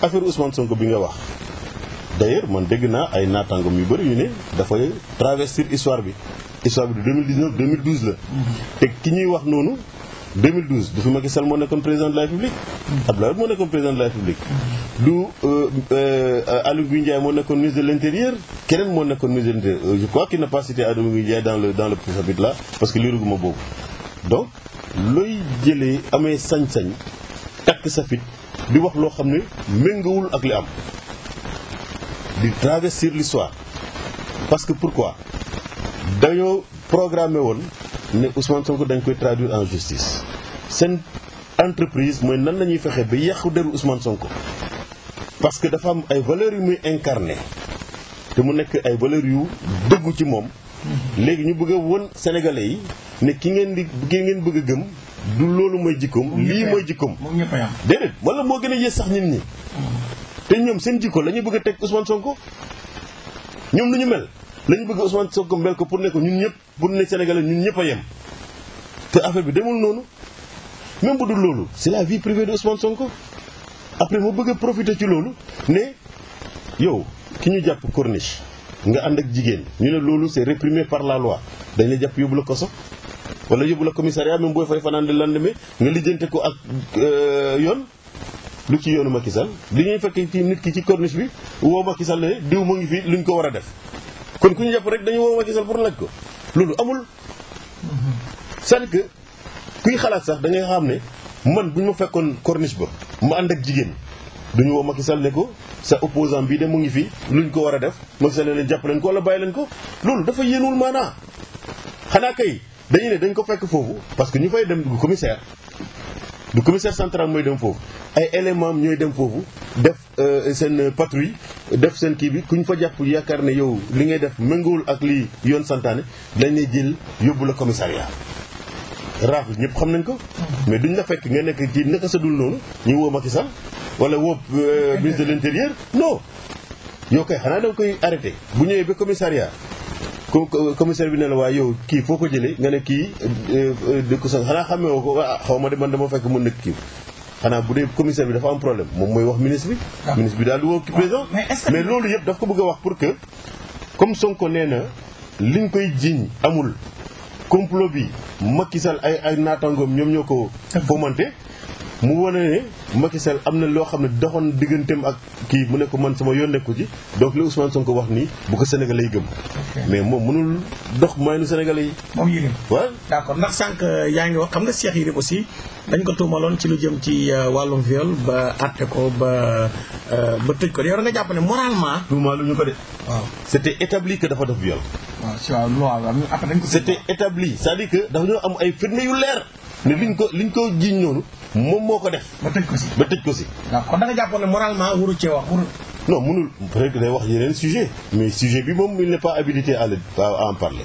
affaire Ousmane Sonko bi nga wax d'ailleurs man dégg naa ay naataangoom yu bëri ñu ne dafay travestir histoire bi histoire bi de 2019 2012 la mm-hmm. te ki ñuy wax noonu 2012 du fi Macky Sall moo nekkoon président de la République. Abdoulaye moo nekkoon président de la République. du euh, euh, Aliou Ngouille Ndiaye moo nekkoon ministre de l' intérieur keneen moo nekkoon ministre de l' intérieur euh, je crois qu'il n'a pas cité Aliou Ngouille Ndiaye dans le dans le parce que liiru gu boobu. donc looy jëlee amee sañ-sañ takk sa fit di wax loo xam ne méngawul ak li am di traverser l'histoire parce que pourquoi dañoo programmé woon ne Ousmane Sonko dañ koy traduire en justice seen entreprise mooy nan la ñuy fexe bi yàqu deru Ousmane Sonko parce que dafa am ay valeurs yu muy incarné te mu nekk ay valeurs yu dëggu ci moom léegi ñu bëgg a won sénégalais yi ne ki ngeen di ki ngeen bëgg a gëm du loolu mooy jikkoom lii mooy jikkoom déedéet wala moo gën a yées sax nit ñi te ñoom seen jikko la ñu bëgg a teg Ousmane Sonko ñoom lu ñu mel la ñu bëgg Ousmane Sonko mel ko pour ne ko ñun ñëpp pour ne sénégalais ñun ñëpp a yem te affaire bi demul noonu même bu dul loolu c'est la vie privée de Ousmane Sonko après mu bëgg a profiter ci loolu ne yow ki ñu jàpp korniche nga ànd ak jigéen ñu ne loolu c'est réprimé par la loi dañ la jàpp yóbbu la koso wala yóbbu la commissariat même booy fay fanaan le lendemain nga lijjante ko ak euh, yoon lu ci yoonu Macky Sall li ñuy fekk ci nit ki ci corniche bi woo Macky Sall ne diw mu ngi fi luñ ko war a def kon ku ñu jàpp rek dañu woo Macky pour laaj ko loolu amul kuy xalaat sax da ngay xam ne man bu ñu ma fekkoon corniche ba ma ànd ak jigéen duñu woo Macky Sall ne ko sa opposant bii de mu ngi fi luñ ko war a def Macky Sall leen jàpp leen ko wala bàyyi leen ko loolu dafa yéenul maanaa xanaa kay dañu ne dañ ko fekk foofu parce que ñu fay dem du commissaire du commissaire central mooy dem foofu ay élément ñooy dem foofu def euh, seen patrouille def seen kii bi ku ñu fa jàpp yaakaar ne yow li ngay def méngoowul ak li yoon santaane dañ lay jël yóbbu la raaf bi ñëpp xam nañ ko. mais duñ la fekk nga nekk ci naka sa dul noonu ñu woo Macky Sall wala woo euh, ministre de l' intérieur non yow kay xanaa da koy arrêté bu ñëwee ba commissariat. commissaire bi ne la waaye yow kii foo ko jëlee nga ne kii euh, euh, dëkk sa xanaa xamee woo ko ah, xaw ma de man dama fekk mu nekk kii xanaa bu dee commissaire bi dafa am problème moom mooy wax ministre bi. Ah. ministre bi daal di woo ki ah. président. mais loolu yëpp daf ko bëgg a wax pour que comme Sonko nee na liñ koy jiiñ amul. complot bi Macky Sall ay ay naatangoom ñoom ñoo ko fomenté mu wane ne Macky am na loo xam ne doxoon digganteem ak kii mu ne ko man sama yoon nekku ci donc li Ousmane ko wax nii bu ko Sénégalais yi gëm. mais moom mënul dox mooy nu Sénégalais yi. waa Yérim waaw d'accord ndax sànq euh, yaa ngi wax xam nga Cheikh Yérim aussi dañ ko tuumaloon ci lu jëm ci euh, wàllum viol ba àtte ko ba euh, ba tëj ko yow da nga jàpp ne moralement. tuumaalu ñu ko de. waaw c'était établi que dafa def viol. waaw ko. c'était établi c'est-à-dire que dafa ñoo am ay firnde yu leer ne liñ ko liñ ko jiiñ noonu. moom moo ko def. ba tëj ko si ba tëj ko si. waaw kon da nga jàppoon ne moralement waru cee wax waru. non mënul peut être wax yeneen sujet mais sujet bi moom il n'est pas habilité à le à en parler.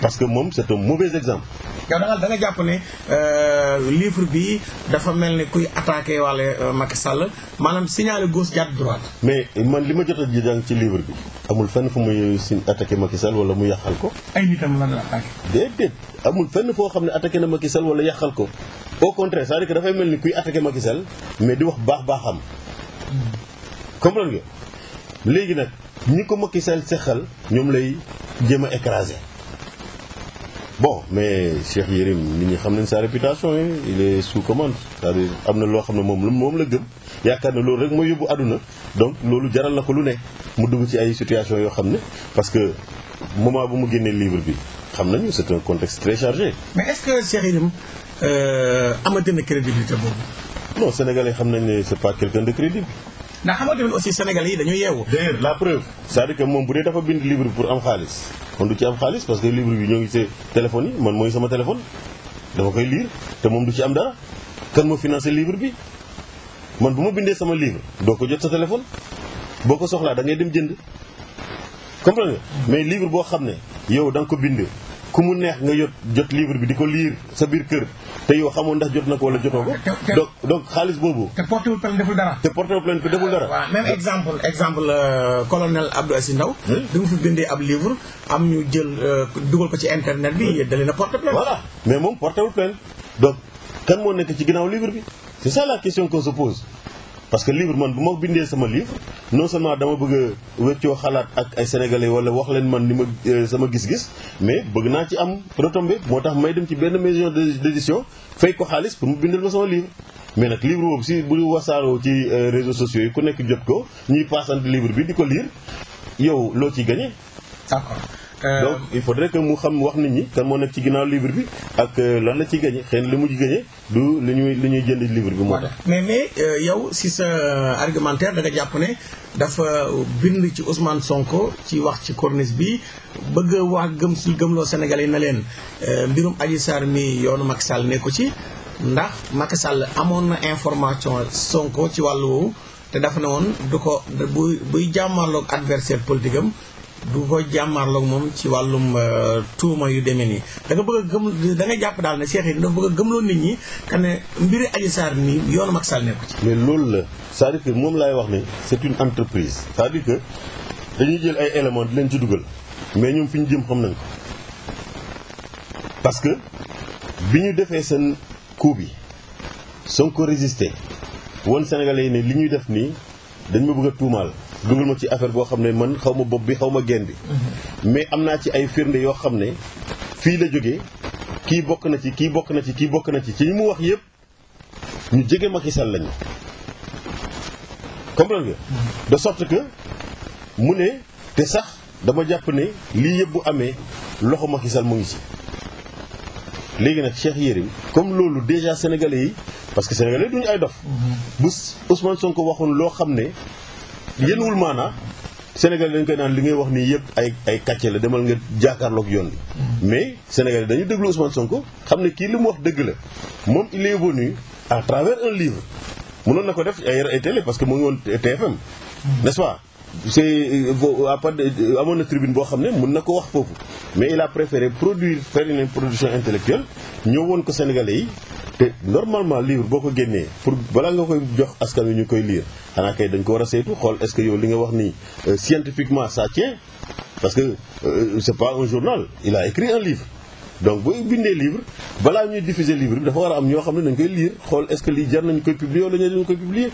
parce que moom c'est un mauvais exemple. yow da nga da nga jàpp ne euh, livre bi dafa mel ni kuy attaqué wàlle euh, Macky Sall maanaam signalé gauche jàpp droite. mais man li ma jot a jàng ci livre bi amul fenn fu muy si attaqué Macky Sall wala mu yàqal ko. ay nitam lan la attaqué. amul fenn foo xam ne attaqué na Macky Sall wala yàqal ko au contraire c'est-à-dire que dafay mel ni kuy attaqué Macky Sall mais di wax baax baaxam. comprendre nga léegi nag ñi ko Macky Sall seqal ñoom lay jéem a écraser. bon mais Cheikh Yérim nit ñi xam nañ sa réputation hein? il est sous commande cest dire am na loo xam ne moom la moom la gëm yaakaar na loolu rek mooy yóbbu àdduna donc loolu jaral na ko lu ne mu dugg ci ay situation yoo xam ne parce que moment bu mu génnee livre bi xam nañu c'est un contexte très chargé. mais est-ce que Cheikh Yérim euh, amati na crédibilité boobu. non sénégalais xam nañ ne c'est pas quelqu'un de crédible. ndax xam nga aussi sénégalais yi dañu yeewu d'ailleurs la preuve c'est-à-dire que moom bu dee dafa bind livre pour am xaalis kon du ci am xaalis parce que livre bi ñoo ngi ci téléphone yi man mooy sama téléphone dafa koy lire te moom du ci am dara kan moo financé libre bi man bu ma bindee sama livre doo ko jot sa téléphone boo ko soxlaa da ngay dem jënd comprendre mais livre boo xam ne yow danga ko bind ku mu neex nga jot jot livre bi di ko liir sa biir kër te yow xamoon ndax jot na ko wala jotoo ko. donc donc xaalis boobu. te portewul plainte deful dara. te portewul plainte bi deful dara. waaw exemple exemple euh, colonel Abdou si Ndaw. Hmm? bi mu fi bindee ab am ñu jël euh, dugal ko ci internet bi dalee na porte plainte. voilà mais moom portewul plainte donc kan moo nekk ci ginnaaw livre bi c'est ça la question qu'on se pose. parce que livre man bu ma bindee sama livre non seulement dama bëgg a wéccoo xalaat ak ay sénégalais wala wax leen man ni ma euh, sama gis-gis mais bëgg naa ci am retombée moo tax may dem ci benn maison d'édition fey ko xaalis pour mu bindal ma sama livre. mais nag livre boobu si bu wasaaroo ci euh, réseaux sociaux yi ku nekk jot ko ñuy paasante livre bi di ko lire yow loo ciy gagné. Euh, donc il faudrait que mu xam wax nit ñi kan moo nekk ci ginnaaw livre bi ak euh, lan la ci gagné xëy na li mu ci gagné du li ñuy li ñuy jënd livre bi moo tax. mais mais euh, yow si sa argumentaire da nga jàpp ne dafa bind ci Ousmane Sonko ci wax ci corniche bi bëgg wax gëm si gëmloo yi na leen mbirum Adji Sarr mi yoonu Macky Sall ko ci ndax Macky amoon na information Sonko ci wàll woowu te dafa ne woon du ko buy buy jàmmarloog adversaire politique am. du ko jàmmaarloog moom ci wàllum euh, tuuma yu demee nii da nga bëgg gëm da jàpp daal ne Cheikh yi dafa bëgg a gëmloo nit ñi que ne mbiri Adji Sarr nii yoonu Macky Sall nekku ci. mais loolu la c'est-à-dire moom laay wax ne c'est une entreprise. c'est-à-dire dañuy jël ay éléments di leen ci dugal mais ñoom fi ñu jëm xam nañ ko parce que bi ñu defee seen coup bi Sonko résisté woon Sénégalais yi ne li ñuy def nii dañ ma bëgg a tuumaal. dugal ma ci affaire boo xam ne man xaw ma bopp bi xaw ma génn bi mais am naa ci ay firnde yoo xam ne fii la jóge kii bokk na ci kii bokk na ci kii bokk na ci ci mu wax yëpp ñu jege Macky Sall lañu comprendre nga mm-hmm. de sorte que mu ne te sax dama jàpp ne lii yëpp bu amee loxo Macky mu ngi si léegi nag Cheikh Yérim comme loolu déjà sénégalais yi parce que sénégalais ñu ay dof mm-hmm. bu Ousmane Sonko waxoon loo xam ne yënuwul maanaa Sénégal dañ koy naan li ngay wax nii yëpp ay ay kàcce la demal nga jàkkaarloog yoon bi mm. mais Sénégal dañu déglu Ousmane Sonko xam ne kii li mu wax dëgg la moom il est venu à travers un livre mënoon na ko def ay télé parce que mu ngi woon TFM mm. n'est-ce pas c'est euh, après euh, amoon na tribune boo xam ne mun na ko wax foofu mais il a préféré produire faire une production intellectuelle ñëw woon ko Sénégalais yi te normalement livre boo ko génnee pour balaa nga koy jox askan wi ñu koy lire xanaa kay dañ ko war a saytu xool est-ce que yow li nga wax nii euh, scientifiquement ça parce que euh, c'est pas un journal il a écrit un livre donc booy bindee livre balaa ñuy diffuser livre bi dafa war a am ñoo xam ne dañ koy lire xool est-ce que lii jar nañu koy publier wala ñu koy publier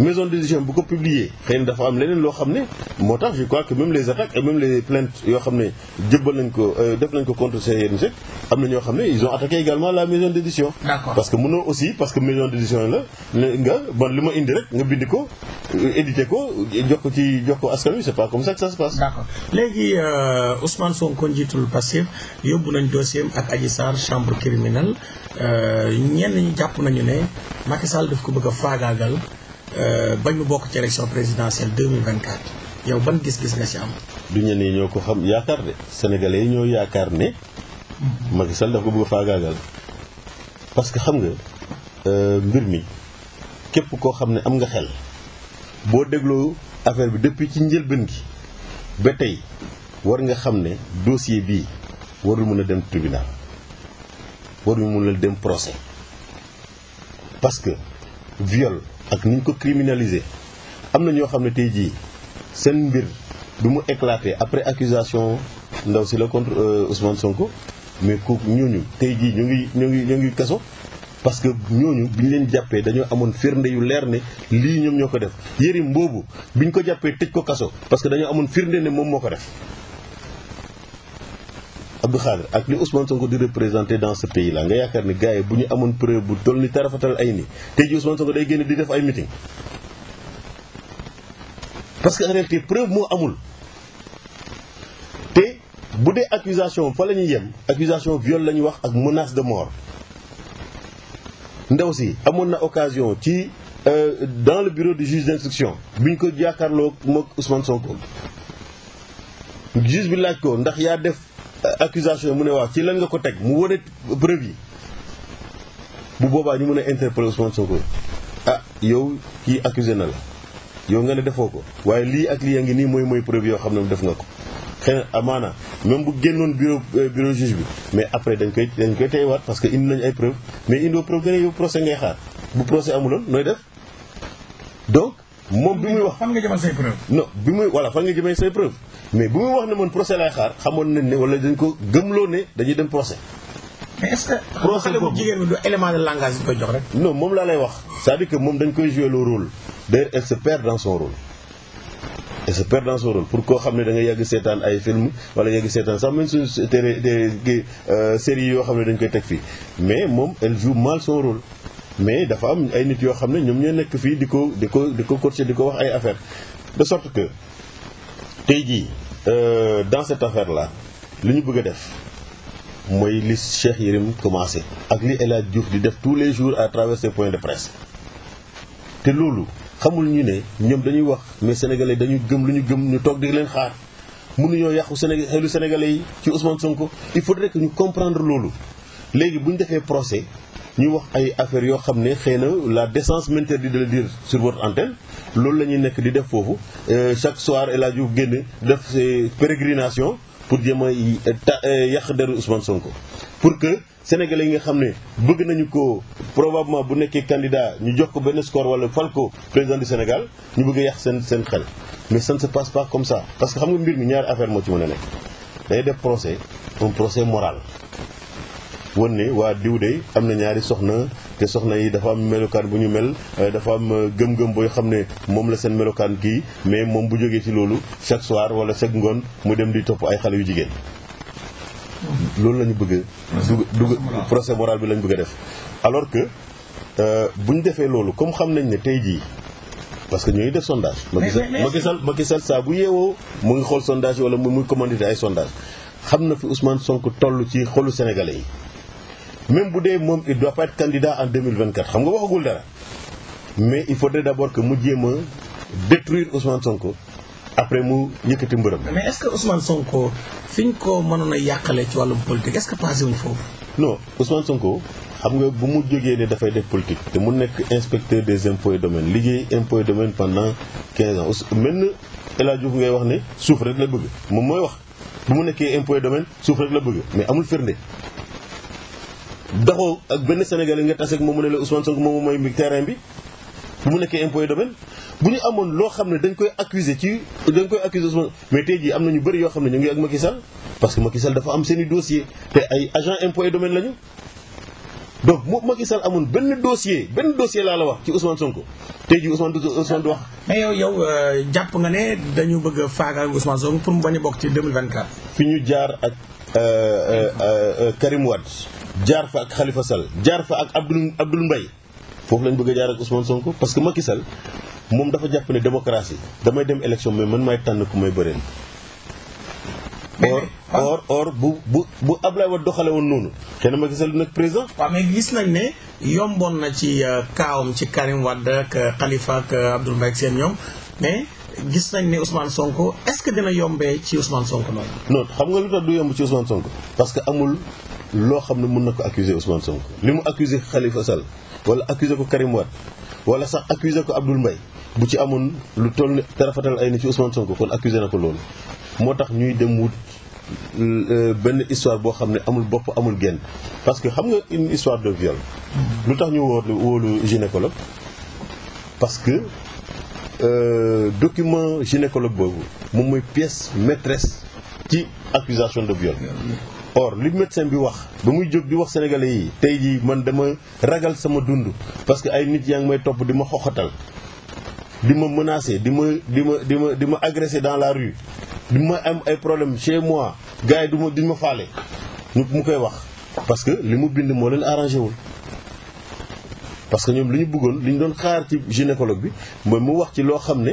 maison d'édition bu ko publier xëy na dafa am leneen loo xam ne moo tax je que même les attaques et même les plaintes yoo xam ne jëbbal nañ ko euh, def nañ ko contre Cheikh Sek am na ñoo xam ne ils ont attaqué également la maison d'édition parce que mënoo aussi parce que maison d'édition li ma indi rek nga bind ko euh, édité ko jox ko ci jox ko askan wi c'est pas comme ça que ça se passe d'accord léegi euh, Ousmane Sonko njiitul Pastef yóbbu nañ dossier ak Adji Sarr chambre criminelle ñenn ñi jàpp nañu ne Macky Sall daf ko bëgg a faagaagal Euh, bañ mu bokk ci élection présidentielle 2024 yow ban gis-gis nga ci am. du ñenn ñi ñoo ko xam yaakaar de sénégalais ñoo yaakaar ne. Macky Sall dafa ko bëgg a faagaagal parce que xam nga euh, mbir mi képp koo xam ne am nga xel boo dégloo affaire bi depuis ci njëlbeen gi ba tey war nga xam ne dossier bii warul mën a dem tribunal warul mën a dem procès parce que viol. ak ni ñu ko criminaliser am na ñoo xam ne tey jii seen mbir bi mu éclaté après accusation ndaw si la contre euh, Ousmane Sonko mais kooku ñooñu tey jii ñu ngi ñu ngi ñu ngi kaso parce que ñooñu bi ñu leen jàppee dañoo amoon firnde yu leer ne lii ñoom ñoo ko def Yérim boobu bi ñu ko jàppee tëj ko kaso parce que dañoo amoon firnde ne moom moo ko def Abdou Khadre ak li Ousmane Sonko di représenté dans ce pays là nga yaakaar ni gars bu ñu amoon preuve bu toll ni tarafatal ay ni tey ji Ousmane Sonko day génn di def ay meeting parce que en réalité preuve moo amul te bu dee accusation fa la ñuy yem accusation viol la ñuy wax ak menace de mort ndaw si amoon na occasion ci euh, dans le bureau du juge d'instruction bi ñu ko yaakaarloo moog Ousmane Sonko juge bi laaj ko ndax yaa def accusation yi mu ne waaw ci lañ nga ko teg mu wane preuve yi bu boobaa ñu mën a interpeller Ousmane ko ah yow kii accusé na la yow nga ne defoo ko waaye lii ak lii a ngi nii mooy mooy preuve yoo xam ne def nga ko xëy na amaana même bu génnoon bureau euh, bureau juge bi mais après dañ koy dañ koy teyewaat parce que indi nañu ay preuve mais indoo preuve gën a yow procès ngay xaar bu procès amuloon nooy def donc moom bi muy wax fan nga jëmal say preuve non bi muy voilà fan nga jëmal say mais bu muy wax ne man procès lay xaar xamoon nañ ne wala dañ ko gëm loo ne dañuy dem procès. mais est-ce que. procès xale bu jigéen bi du élément de langage bi koy jox rek. non moom laa lay wax cest à que moom dañ koy jouer le rôle d'ailleurs elle se perd dans son rôle. elle se dans son rôle pour koo xam ne da nga yàgg seetaan ay film wala yàgg seetaan sax même suñu télé euh, série yoo xam ne dañ koy teg fii mais moom elle joue mal mais dafa am ay nit yoo xam ne ñoom ñoo nekk fii di ko di ko di ko coacher di ko wax ay affaires de sorte que tey jii. Euh, dans cette affaire la lu ñu bëgg a def mooy li Cheikh Yérim commencé ak li El Hadj Diouf di def tous les jours à travers ces de presse te loolu xamul ñu ne ñoom dañuy wax mais sénégale dañu gëm lu ñu gëm ñu toog di leen xaar mënuñoo yàqu Sénégal xelu sénégalais yi ci Ousmane Sonko il faut que ñu comprendre loolu léegi bu ñu defee procès ñu wax ay affaires yoo xam ne xëy na la décence m'interdit de le dire sur votre antenne loolu la ñuy nekk di def foofu euh, chaque soir El Hadj Diouf génn def pérégrination pour jéem a euh, euh, yàq deru son ko pour que sénégalais yi nga xam ne bëgg nañu ko probablement bu nekkee candidat ñu jox ko benn score wala fal ko président du Sénégal ñu bëgg a yàq seen seen xel mais ça ne comme ça parce que xam nga mbir mi ñaari affaire moo ci mën a nekk day def procès un procès wan ne waa diw de am na ñaari soxna te soxna yi dafa am melokaan bu ñu mel euh, dafa am euh, gëm-gëm booy xam ne moom la seen melokaan kii mais moom bu jógee ci loolu chaque soir wala chaque ngoon mu dem di topp ay xale yu jigéen loolu la ñu bëgg dugg procès moral bi la ñu def alors que euh, bu ñu defee loolu comme xam nañ ne tey jii parce que ñooy def sondage Macky Sall Macky Sall saa bu yeewoo mu ngi xool sondage wala mu muy commandité ay sondage xam na fi Ousmane Sonko toll ci xolu sénégalais yi même bu dee moom il doit pas être candidat en 2024 xam nga waxagul dara mais il de d'abord que mu jéem a détruire Ousmane Sonko après mu yëkkati mbërëm. mais est-ce que Ousmane Sonko fi ñu ko mënoon a yàqale ci wàllum politique est-ce que passé foofu. non Ousmane Sonko xam nga bu mu jógee ne dafay def politique. te mu nekk inspecteur des impôts et domaines liggéey impôts et domaines pendant 15 ans aussi mel El Hadj ngay wax ne suuf rek la bëgg moom mooy wax bu mu nekkee impôts et domaines suuf rek la mais amul firnde. doxoo ak benn sénégal sénégalais nga tase ak moom mu ne la Ousmane Sonko moom mooy terrain bi bu mu nekkee impôt domaine bu ñu amoon loo xam ne dañ koy accuser ci dañ koy accuser Ousmane mais tey jii am na ñu bëri yoo xam ne ñu ngi ak Macky Sall parce que Macky Sall dafa am seen i dossier te ay agent impôt domaine lañu donc moom Macky Sall amoon benn dossier benn dossier laa la wax ci Ousmane Sonko tey jii Ousmane Ousmane du wax. mais yow yow euh, jàpp nga ne dañu bëgg a faagaal Ousmane Sonko pour mu bañ a bokk ci 2024. fi ñu jaar ak euh, euh, Karim Wade. jaar fa ak Khalifa Sall jaar fa ak Abdoul Abdoul Mbaye foofu lañ bëgg a jaar ak Ousmane Sonko parce que ma Sall moom dafa jàpp ne démocratie damay dem élection mais man maay tànn ku may bëreen. or or bu bu bu Ablaye Wade doxale woon noonu xëy ma Macky Sall nag président. waaw mais gis nañ ne yomboon na ci euh, kaawam ci Karim Wade ak euh, Khalifa ak euh, Abdoul Mbaye ñoom mais. gis nañ ne Ousmane Sonko est-ce que dina yombee ci Ousmane sonk noonu. non xam nga lu tax du yomb ci Ousmane Sonko parce que amul loo xam ne mun na ko accuser Ousmane Sonko li mu accuser Khalifa Sall wala accuser ko Karim Wade wala sax accuser ko Abdoul mbay bu ci amoon lu toll ni tarafatal ay ni ci Ousmane Sonko kon accuser na ko loolu moo tax ñuy dem wut euh, benn histoire boo xam ne amul bopp amul génn parce que xam nga une histoire de viol lu tax ñu wóolu wóolu gynécologue parce que euh, document gynécologue boobu moom mooy pièce maîtresse ci accusation de viol or li médecin bi wax ba muy jóg di wax sénégalais yi tey man dama ragal sama dund parce que ay nit yaa ngi may topp di ma xoxatal di ma menacer di ma di ma di ma di ma agresser dans la rue di ma am ay problème chez moi gars yi du ma duñ ma faale ñu mu koy wax parce que li mu bind moo leen arrangé wul parce que ñoom lu ñu bëggoon li ñu doon xaar ci gynécologue bi mooy mu wax ci loo xam ne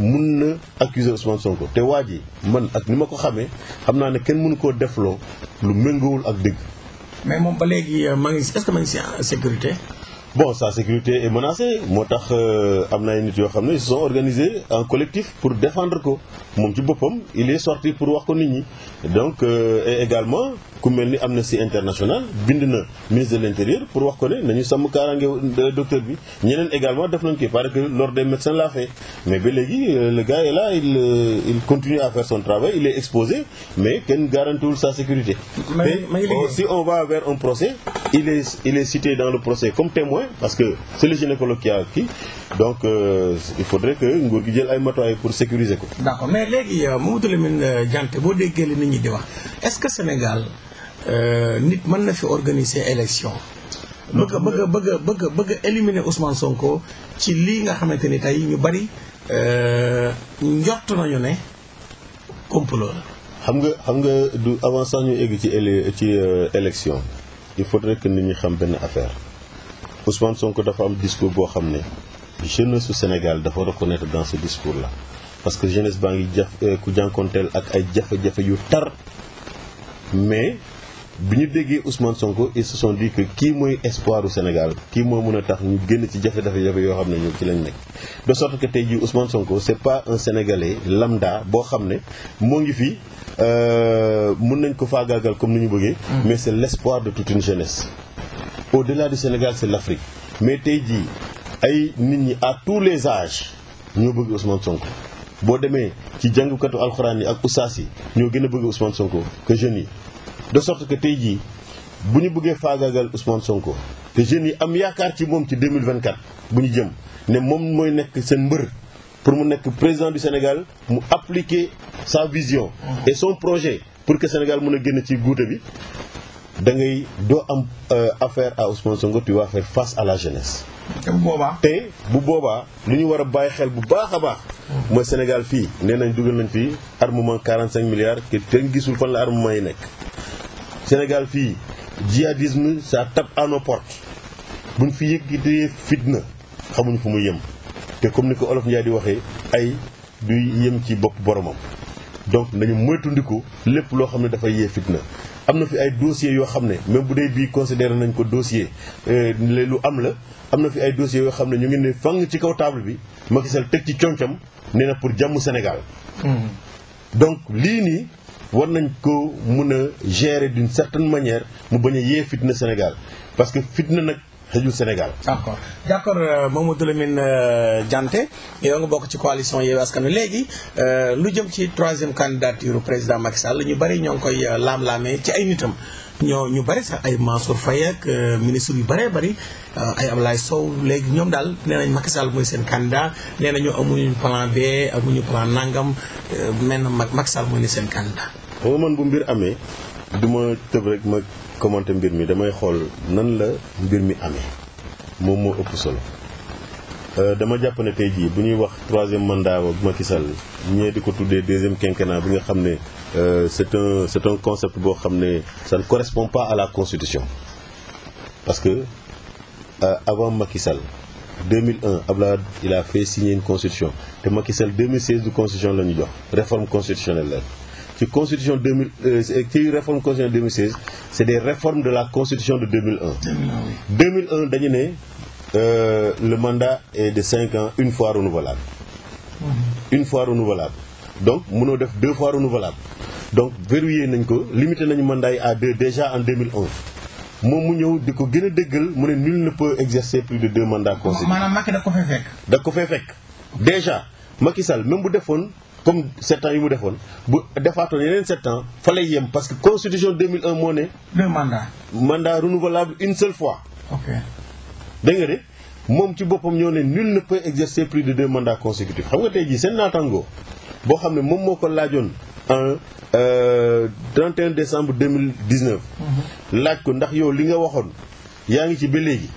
mun na accuser Ousmane ko te waa ji man ak ni ma ko xamee xam naa ne kenn mënu koo defloo lu méngoowul ak dëgg. mais moom ba léegi euh, ma ngi est-ce que ma ngi si euh, sécurité. bon sa sécurité est menacée moo tax euh, am na ay nit yoo xam ne ils se sont organisés en collectif pour défendre ko moom ci boppam il est sorti pour wax ko nit ñi donc également. ku mel ni Amnesty International bind na ministre de l' pour wax ko ne nañu sàmm kaaraange docteur bi ñeneen également def nañ ko parce que l'ordre des médecins l'a fait mais ba léegi euh, le gars est là il euh, il continue à faire son travail il est exposé mais kenn garantiwul sa sécurité et si on va vers un procès il est il est cité dans le procès comme témoin parce que c'est le gynécologue qui a kii donc euh, il faudrait que nguur gi jël ay matuwaay pour sécuriser ko d'accord mais euh, boo déggee li nit wax est-ce que Sénégal Euh, nit mën na fi organiser élection. bëgg bëgg bëgg bëgg bëgg a éliminer Ousmane Sonko ci lii nga xamante ni tey ñu bari euh, njort nañu ne complot xam nga xam nga du avant sax ñu egg ci ci euh, élection il faudrait que nit ñi xam benn affaire Ousmane Sonko dafa am discours boo xam ne jeunesse su Sénégal dafa reconnaître dans ce discours la parce que jeunesse baa ngi jaf ku jànkonteel ak ay jafe-jafe yu tar mais. bi ñu déggee Ousmane Sonko ils se sont dit que kii mooy espoir u Sénégal kii moo mën a tax ñu génn ci jafe-jafe jafe yoo xam ne ñu ci lañ nekk de sorte que tey jii Ousmane Sonko c'est pas un Sénégalais lambda boo xam ne moo ngi fii euh, mën nañ ko faagaagal comme ni ñu bëggee mm. mais c'est l'espoir de toute une jeunesse au-delà du Sénégal c'est l'Afrique mais tey jii ay nit ñi à tous les âges ñoo bëgg Ousmane Sonko boo demee ci jàngukatu alxuraan yi ak ustaas yi ñoo gën a bëgg Ousmane Sonko que yi de sorte que tey jii bu ñu bëggee faagaagal Ousmane Sonko te jeunes yi am yaakaar ci moom ci 2024 bu ñu jëm ne moom mooy nekk seen mbër pour mu nekk président du Sénégal mu appliquer sa vision et son projet pour que Sénégal mën a génn ci guute bi da ngay doo am euh, affaire à Ousmane songo tu vas faire face à la jeunesse te bu boobaa te bu boobaa lu ñu war a bàyyi xel bu baax a baax mooy Sénégal fii nee nañ dugal nañ fii armement 45 milliards te kenn gisul fan la armement nekk Sénégal fii djihadisme ça tape à nos portes buñ fi yëkkatee fitna xamuñ fu muy yem te comme ni ko olof Ndiaye di waxee ay du yem ci bopp boromam donc nañu moytundiku lépp loo xam ne dafay yee fitna am na fi ay dossiers yoo xam ne même bu dee bii considéré nañ ko dossier euh, lu am la am na fi ay dossiers yoo xam ne ñu ngi ne fang ci kaw table bi ma Sall teg ci concam nee na pour jàmm senegal mmh. donc lii nii war nañ ko mën a gérer d'une certaine manière mu bañ a yee fitna Sénégal parce que fitna nag tëjul Sénégal. d'accord d'accord euh, Mamadou Lamine euh, Diante yow nga bokk ci coalition Yewwi Askan Wi léegi euh, lu jëm ci troisième candidature président Macky Sall ñu bari ñoo ngi koy laam-laamee ci ay nitam. ñoo ñu bari sax ay Mansour fay ak euh, ministre yu baree bari euh, ay Ablaye Sow léegi ñoom daal nee nañ Macky Sall mooy seen candidat nee nañu amuñu plan B amuñu plan nangam mel euh, na Macky Sall mooy ni seen candidat. xam man bu mbir amee du ma tëb rek ma commenté mbir mi damay xool nan la mbir mi amee moom moo ëpp solo. dama jàpp ne tey jii bu ñuy wax troisième mandat bu Macky Sall ñee di ko tuddee deuxième quinquennat bi nga xam ne. Euh, c'est un c'est un concept boo xam ne ça ne correspond pas à la constitution parce que euh, avant Macky Sall 2001 Abdoulaye il a fait signer une constitution te Macky Sall 2016 du constitution la ñu jox réforme constitutionnelle la ci constitution 2000 euh, ci réforme constitutionnelle 2016 c'est des réformes de la constitution de 2001. 2001 dañu ne le mandat est de cinq ans une fois renouvelable. une fois renouvelable donc mënoo def deux fois renouvelable. donc verrouillé nañ ko limité nañu mandat yi à deux déjà en 2011 moom mu ñëw di ko gën a dëggal mu ne nul ne peut exercer plus de deux mandats consécutifs. maanaam Macky da ko fay fekk. da ko fay même bu defoon comme sept yi mu defoon bu defaatoon yeneen sept ans fa lay yem parce que constitution 2001 moo ne. deux mandats. mandat renouvelable une seule fois. ok dégg nga de moom ci boppam ñoo ne nul ne peut exercer plus de deux mandats consécutifs xam nga tey jii seen naataango boo xam ne moom moo ko laajoon Euh, decembre mille décembre mhm. 2019. laaj ko ndax yow li nga waxoon yaa ngi ci ba léegi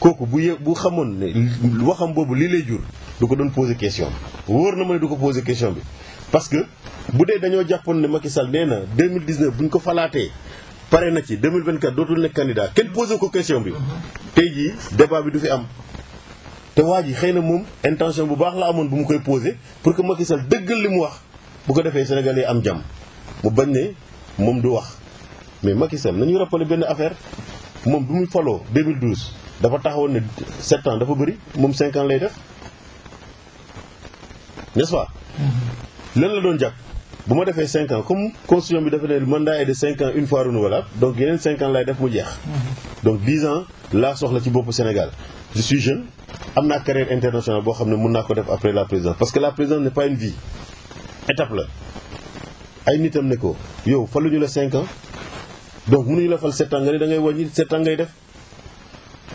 kooku bu yë bu xamoon ne waxam boobu lii lay jur du ko doon poser question bi wóor na ma ne du ko poser question bi parce que bu dee dañoo jàppoon ne Macky Sall nee na 2019 bu ñu ko falaatee pare na ci 2024 dootul nekk candidat kenn posé ko question bi mhm. tey jii débat bi du fi am te waa ji xëy na moom intention bu baax la amoon bu mu koy posé pour que Macky Sall dëggal li mu wax bu ko defee sénégalais am jàmm mu bañ ne moom du wax mais Macky Sall nañu rappelé benn affaire moom bu muy faloo 2012 dafa taxawoon ne 7 ans dafa bëri moom 5 ans lay def n'est-ce pas. Mm-hmm. lan la doon jàpp bu ma defee 5 ans comme constitution bi dafa ne mandat est de 5 une fois renouvelable donc yeneen 5 ans lay def mu jeex. Mm-hmm. donc 10 ans laa soxla ci bopp Sénégal je suis am naa carrière internationale boo xam ne mun naa ko def après la présidence parce que pas étape la ay nitam ne ko yow faluñu la 5 ans donc mënuñu la fal 7 nga ne da ngay wàññi 7 ans ngay def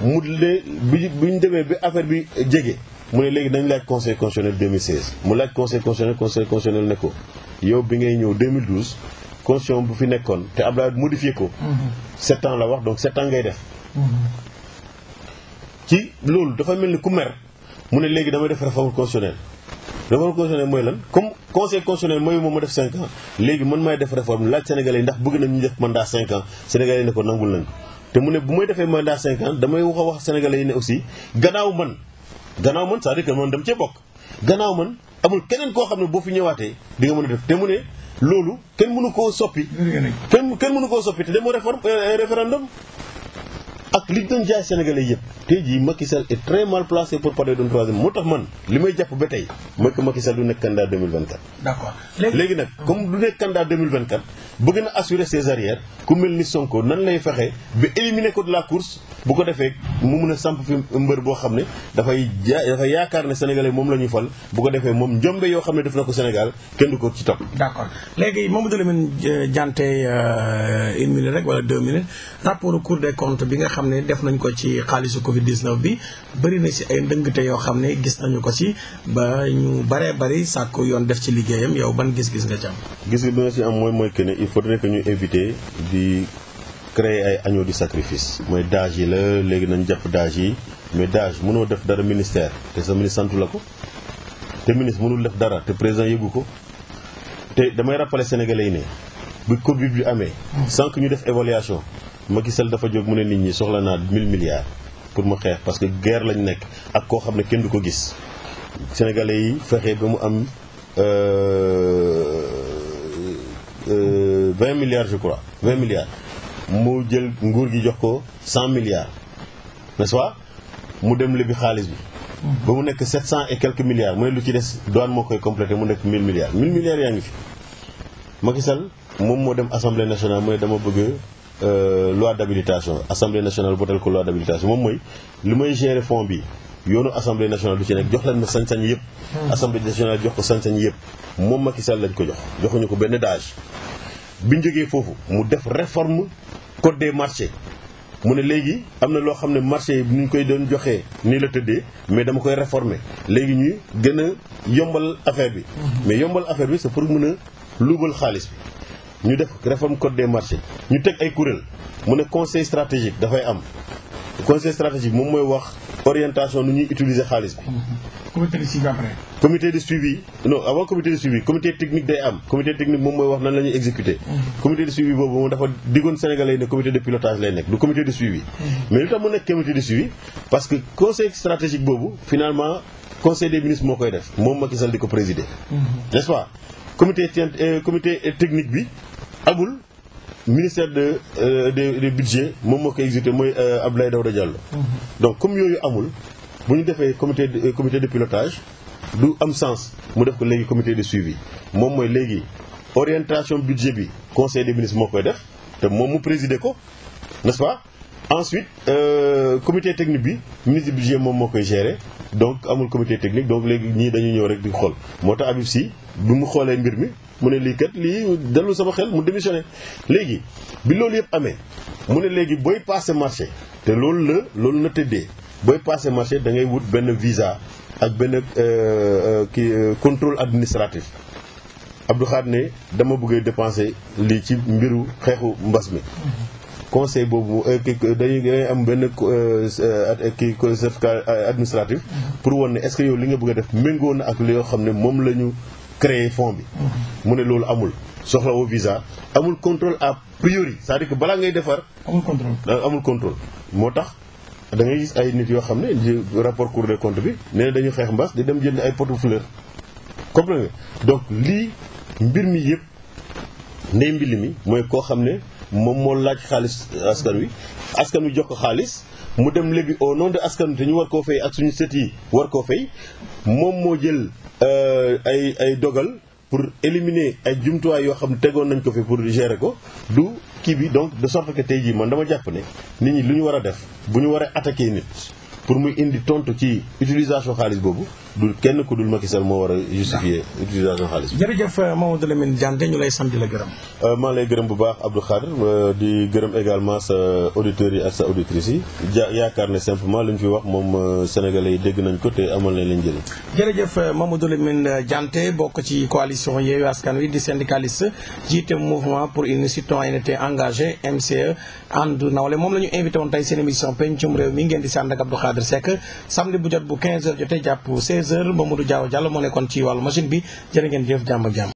mu ne bi bi ñu demee bi affaire bi jege mu ne léegi dañ laaj conseil constitutionnel 2016 mu laaj conseil constitutionnel conseil constitutionnel ne ko yow bi ngay ñëw 2012 constitution bu fi nekkoon te Abdoulaye modifié ko. 7 mm-hmm. la wax donc 7 ans ngay def. Mm-hmm. ci loolu dafa mel ni ku mer mu ne léegi damay def réforme constitutionnelle. réforme constitutionnelle mooy lan comme conseil constitutionnel mooy moom ma def 5 ans léegi man maay def réforme laaj sénégalais yi ndax bëgg nañ ñu def mandat 5 ans sénégalais yi ne ko nangul nañ ko te mu ne bu may defee mandat 5 ans damay wax a wax sénégalais yi ne aussi gannaaw man gannaaw man c'est-à-dire que man dem cee bokk gannaaw man amul keneen koo xam ne boo fi ñëwaatee di nga mën a def te mu ne loolu kenn mënu koo soppi kenn mënu koo soppi te demoo réforme euh, référendum ak li doon jaay sénégalais yëpp tey jii Macky Sall est très mal placé pour parler d'une troisième moo tax man li may jàpp ba tey mooy que Macky Sall du nekk candidat 2024. d'accord léegi nag comme du nekk candidat 2024 bëgg na assurer ses arrières ku mel ni Sonko nan lay fexe ba éliminer ko de la course bu ko defee mu mun a samp fi mbër boo xam ne dafay dafa yaakaar ne sénégalais moom la ñu fal bu ko defee moom njombe yoo xam ne def na ko Sénégal kenn du ko ci topp. d'accord léegi Mamadou Lamine euh, Diante euh, une minute rek wala deux minutes rapport cour des comptes bi nga xam ne def nañ ko ci xaalisu Covid 19 bi bëri na si ay ndëngte yoo xam ne gis nañu ko si ba ñu baree bari sàkku yoon def ci liggéeyam yow ban gis-gis nga ci am. gis-gis mooy que ne il faudrait que ñu éviter di créer ay agneau du sacrifice mooy daaj yi la léegi nañ jàpp daaj yi mais daaj mënoo def dara ministère te sa ministre santu la ko te ministre mënul def dara te président yëgu ko te damay rappeler sénégalais yi ne bu Covid bi amee sans ñu def évaluation ma gisal dafa jóg mu ne nit ñi soxla naa 1000 milliards pour mu xeex parce que guerre lañ nekk ak koo xam ne kenn du ko gis sénégalais yi fexee ba mu am euh, vingt milliards je crois vingt milliards mu jël nguur gi jox ko cent milliards n'est-ce mu dem lebi xaalis bi ba mu nekk sept et quelques milliards mu ne lu ci des douane moo koy complété mu nekk mille milliards mille milliards yaa ngi fi Macky Sall moom moo dem assemblée nationale mu ne dama bëgg euh, loi d'habilitation assemblée nationale votel ko loi d'habilitation moom mooy li may gérer fonds bi yoonu assemblée nationale du ci nekk jox leen ma sañ-sañ yëpp hmm. assemblée nationale jox ko sañ-sañ yëpp moom Macky lañ ko jox joxuñu ko benn daage bi ñu jógee foofu mu def réforme code des marchés mu ne léegi am na loo xam ne marché yi ni ñu koy doon joxee nii la tëddee mais dama koy réformer léegi ñuy gën a yombal affaire bi. mais yombal affaire bi sa pour mën a luubal xaalis bi. ñu def réforme code des marchés ñu teg ay kuréel mu ne conseil stratégique dafay am conseil stratégique moom mooy wax orientation nu ñuy utiliser xaalis bi. comité de suivi après. comité de suivi non avant comité de suivi comité technique day am comité technique moom mooy wax nan la exécuter. Mm-hmm. comité de suivi boobu moom dafa diggoon Sénégalais ne comité de pilotage lay nekk du comité de suivi. Mm-hmm. mais lu tax mu nekk comité de suivi parce que conseil stratégique boobu finalement conseil des ministres moo koy def moom Macky Sall di ko présider. Mm-hmm. n'est-ce pas euh, technique bi amul. ministère de euh, de budget moom moo koy exécuté mooy euh, Abdoulaye Daouda Diallo donc comme yooyu amul bu ñu defee comité euh, comité de pilotage du am sens mu def ko léegi comité de suivi moom mooy léegi orientation budget bi conseil des ministres moo koy def te moom mu présider ko n'est-ce pas ensuite euh, comité technique bi ministre du budget moom moo koy gérer donc amul comité technique donc léegi ñii dañuy ñëw rek di xool moo tax Habib Sy bu mu xoolee mbir mi mu ne lii kat lii dalul sama xel mu démissionné léegi bi loolu yëpp amee mu ne léegi booy passé marché te loolu la loolu na booy passé marché da ngay wut benn visa ak benn euh, euh, kii euh, contrôle administratif Abdou Khadre ne dama bëggee dépenser lii ci mbiru xeexu mbas mi conseil boobu dañuy am benn kii certificat administratif pour wan ne est-ce que yow li nga bëgg a def méngoo na ak li yoo xam ne moom la ñu créé fonds bi mu ne loolu amul soxla woo visa amul contrôle a priori cest à balaa ngay defar amul contrôle moo tax da ngay gis ay nit yoo xam ne rapport Cour des comptes bi nee dañu xeex mbas di dem jënd ay potu fleur comprendre donc lii mbir mi yëpp ndey mbili mi mooy koo xam ne moom moo laaj xaalis askan wi askan wi jox ko xaalis mu dem léegi au nom de askan wi te ñu war koo fay ak suñu sët yi war koo fay moom moo jël euh, ay ay dogal pour éliminer ay jumtuwaay yoo xam ne tegoon nañ ko fi pour gérer ko du kii bi donc de sorte que tey jii man dama jàpp ne nit ñi lu ñu war a def bu ñu war a attaquer nit pour mu indi tontu ci utilisation xaalis boobu du kenn ku dul Macky moo war a utilisation xaalis bi. jërëjëf euh, Mamadou Lamine Diante ñu lay sant la gërëm. Euh, maa lay gërëm bu baax Abdou Khadre euh, di gërëm également sa auditeurs yi ak sa auditrices yi ja yaakaar ne simplement li ñu fi wax moom sénégalais yi dégg nañ ko te amal nañ leen njëriñ. jërëjëf Mamadou Lamine Diante bokk ci coalition Yewwi Askan Wi di syndicaliste jiite mouvement pour une citoyenneté engagée MCE na nawle moom la ñu invité woon tey seen 13 heures Mamadou Diaw Diallo moo nekkoon ci wàllu machine bi jërë ngeen jëf jàmm ak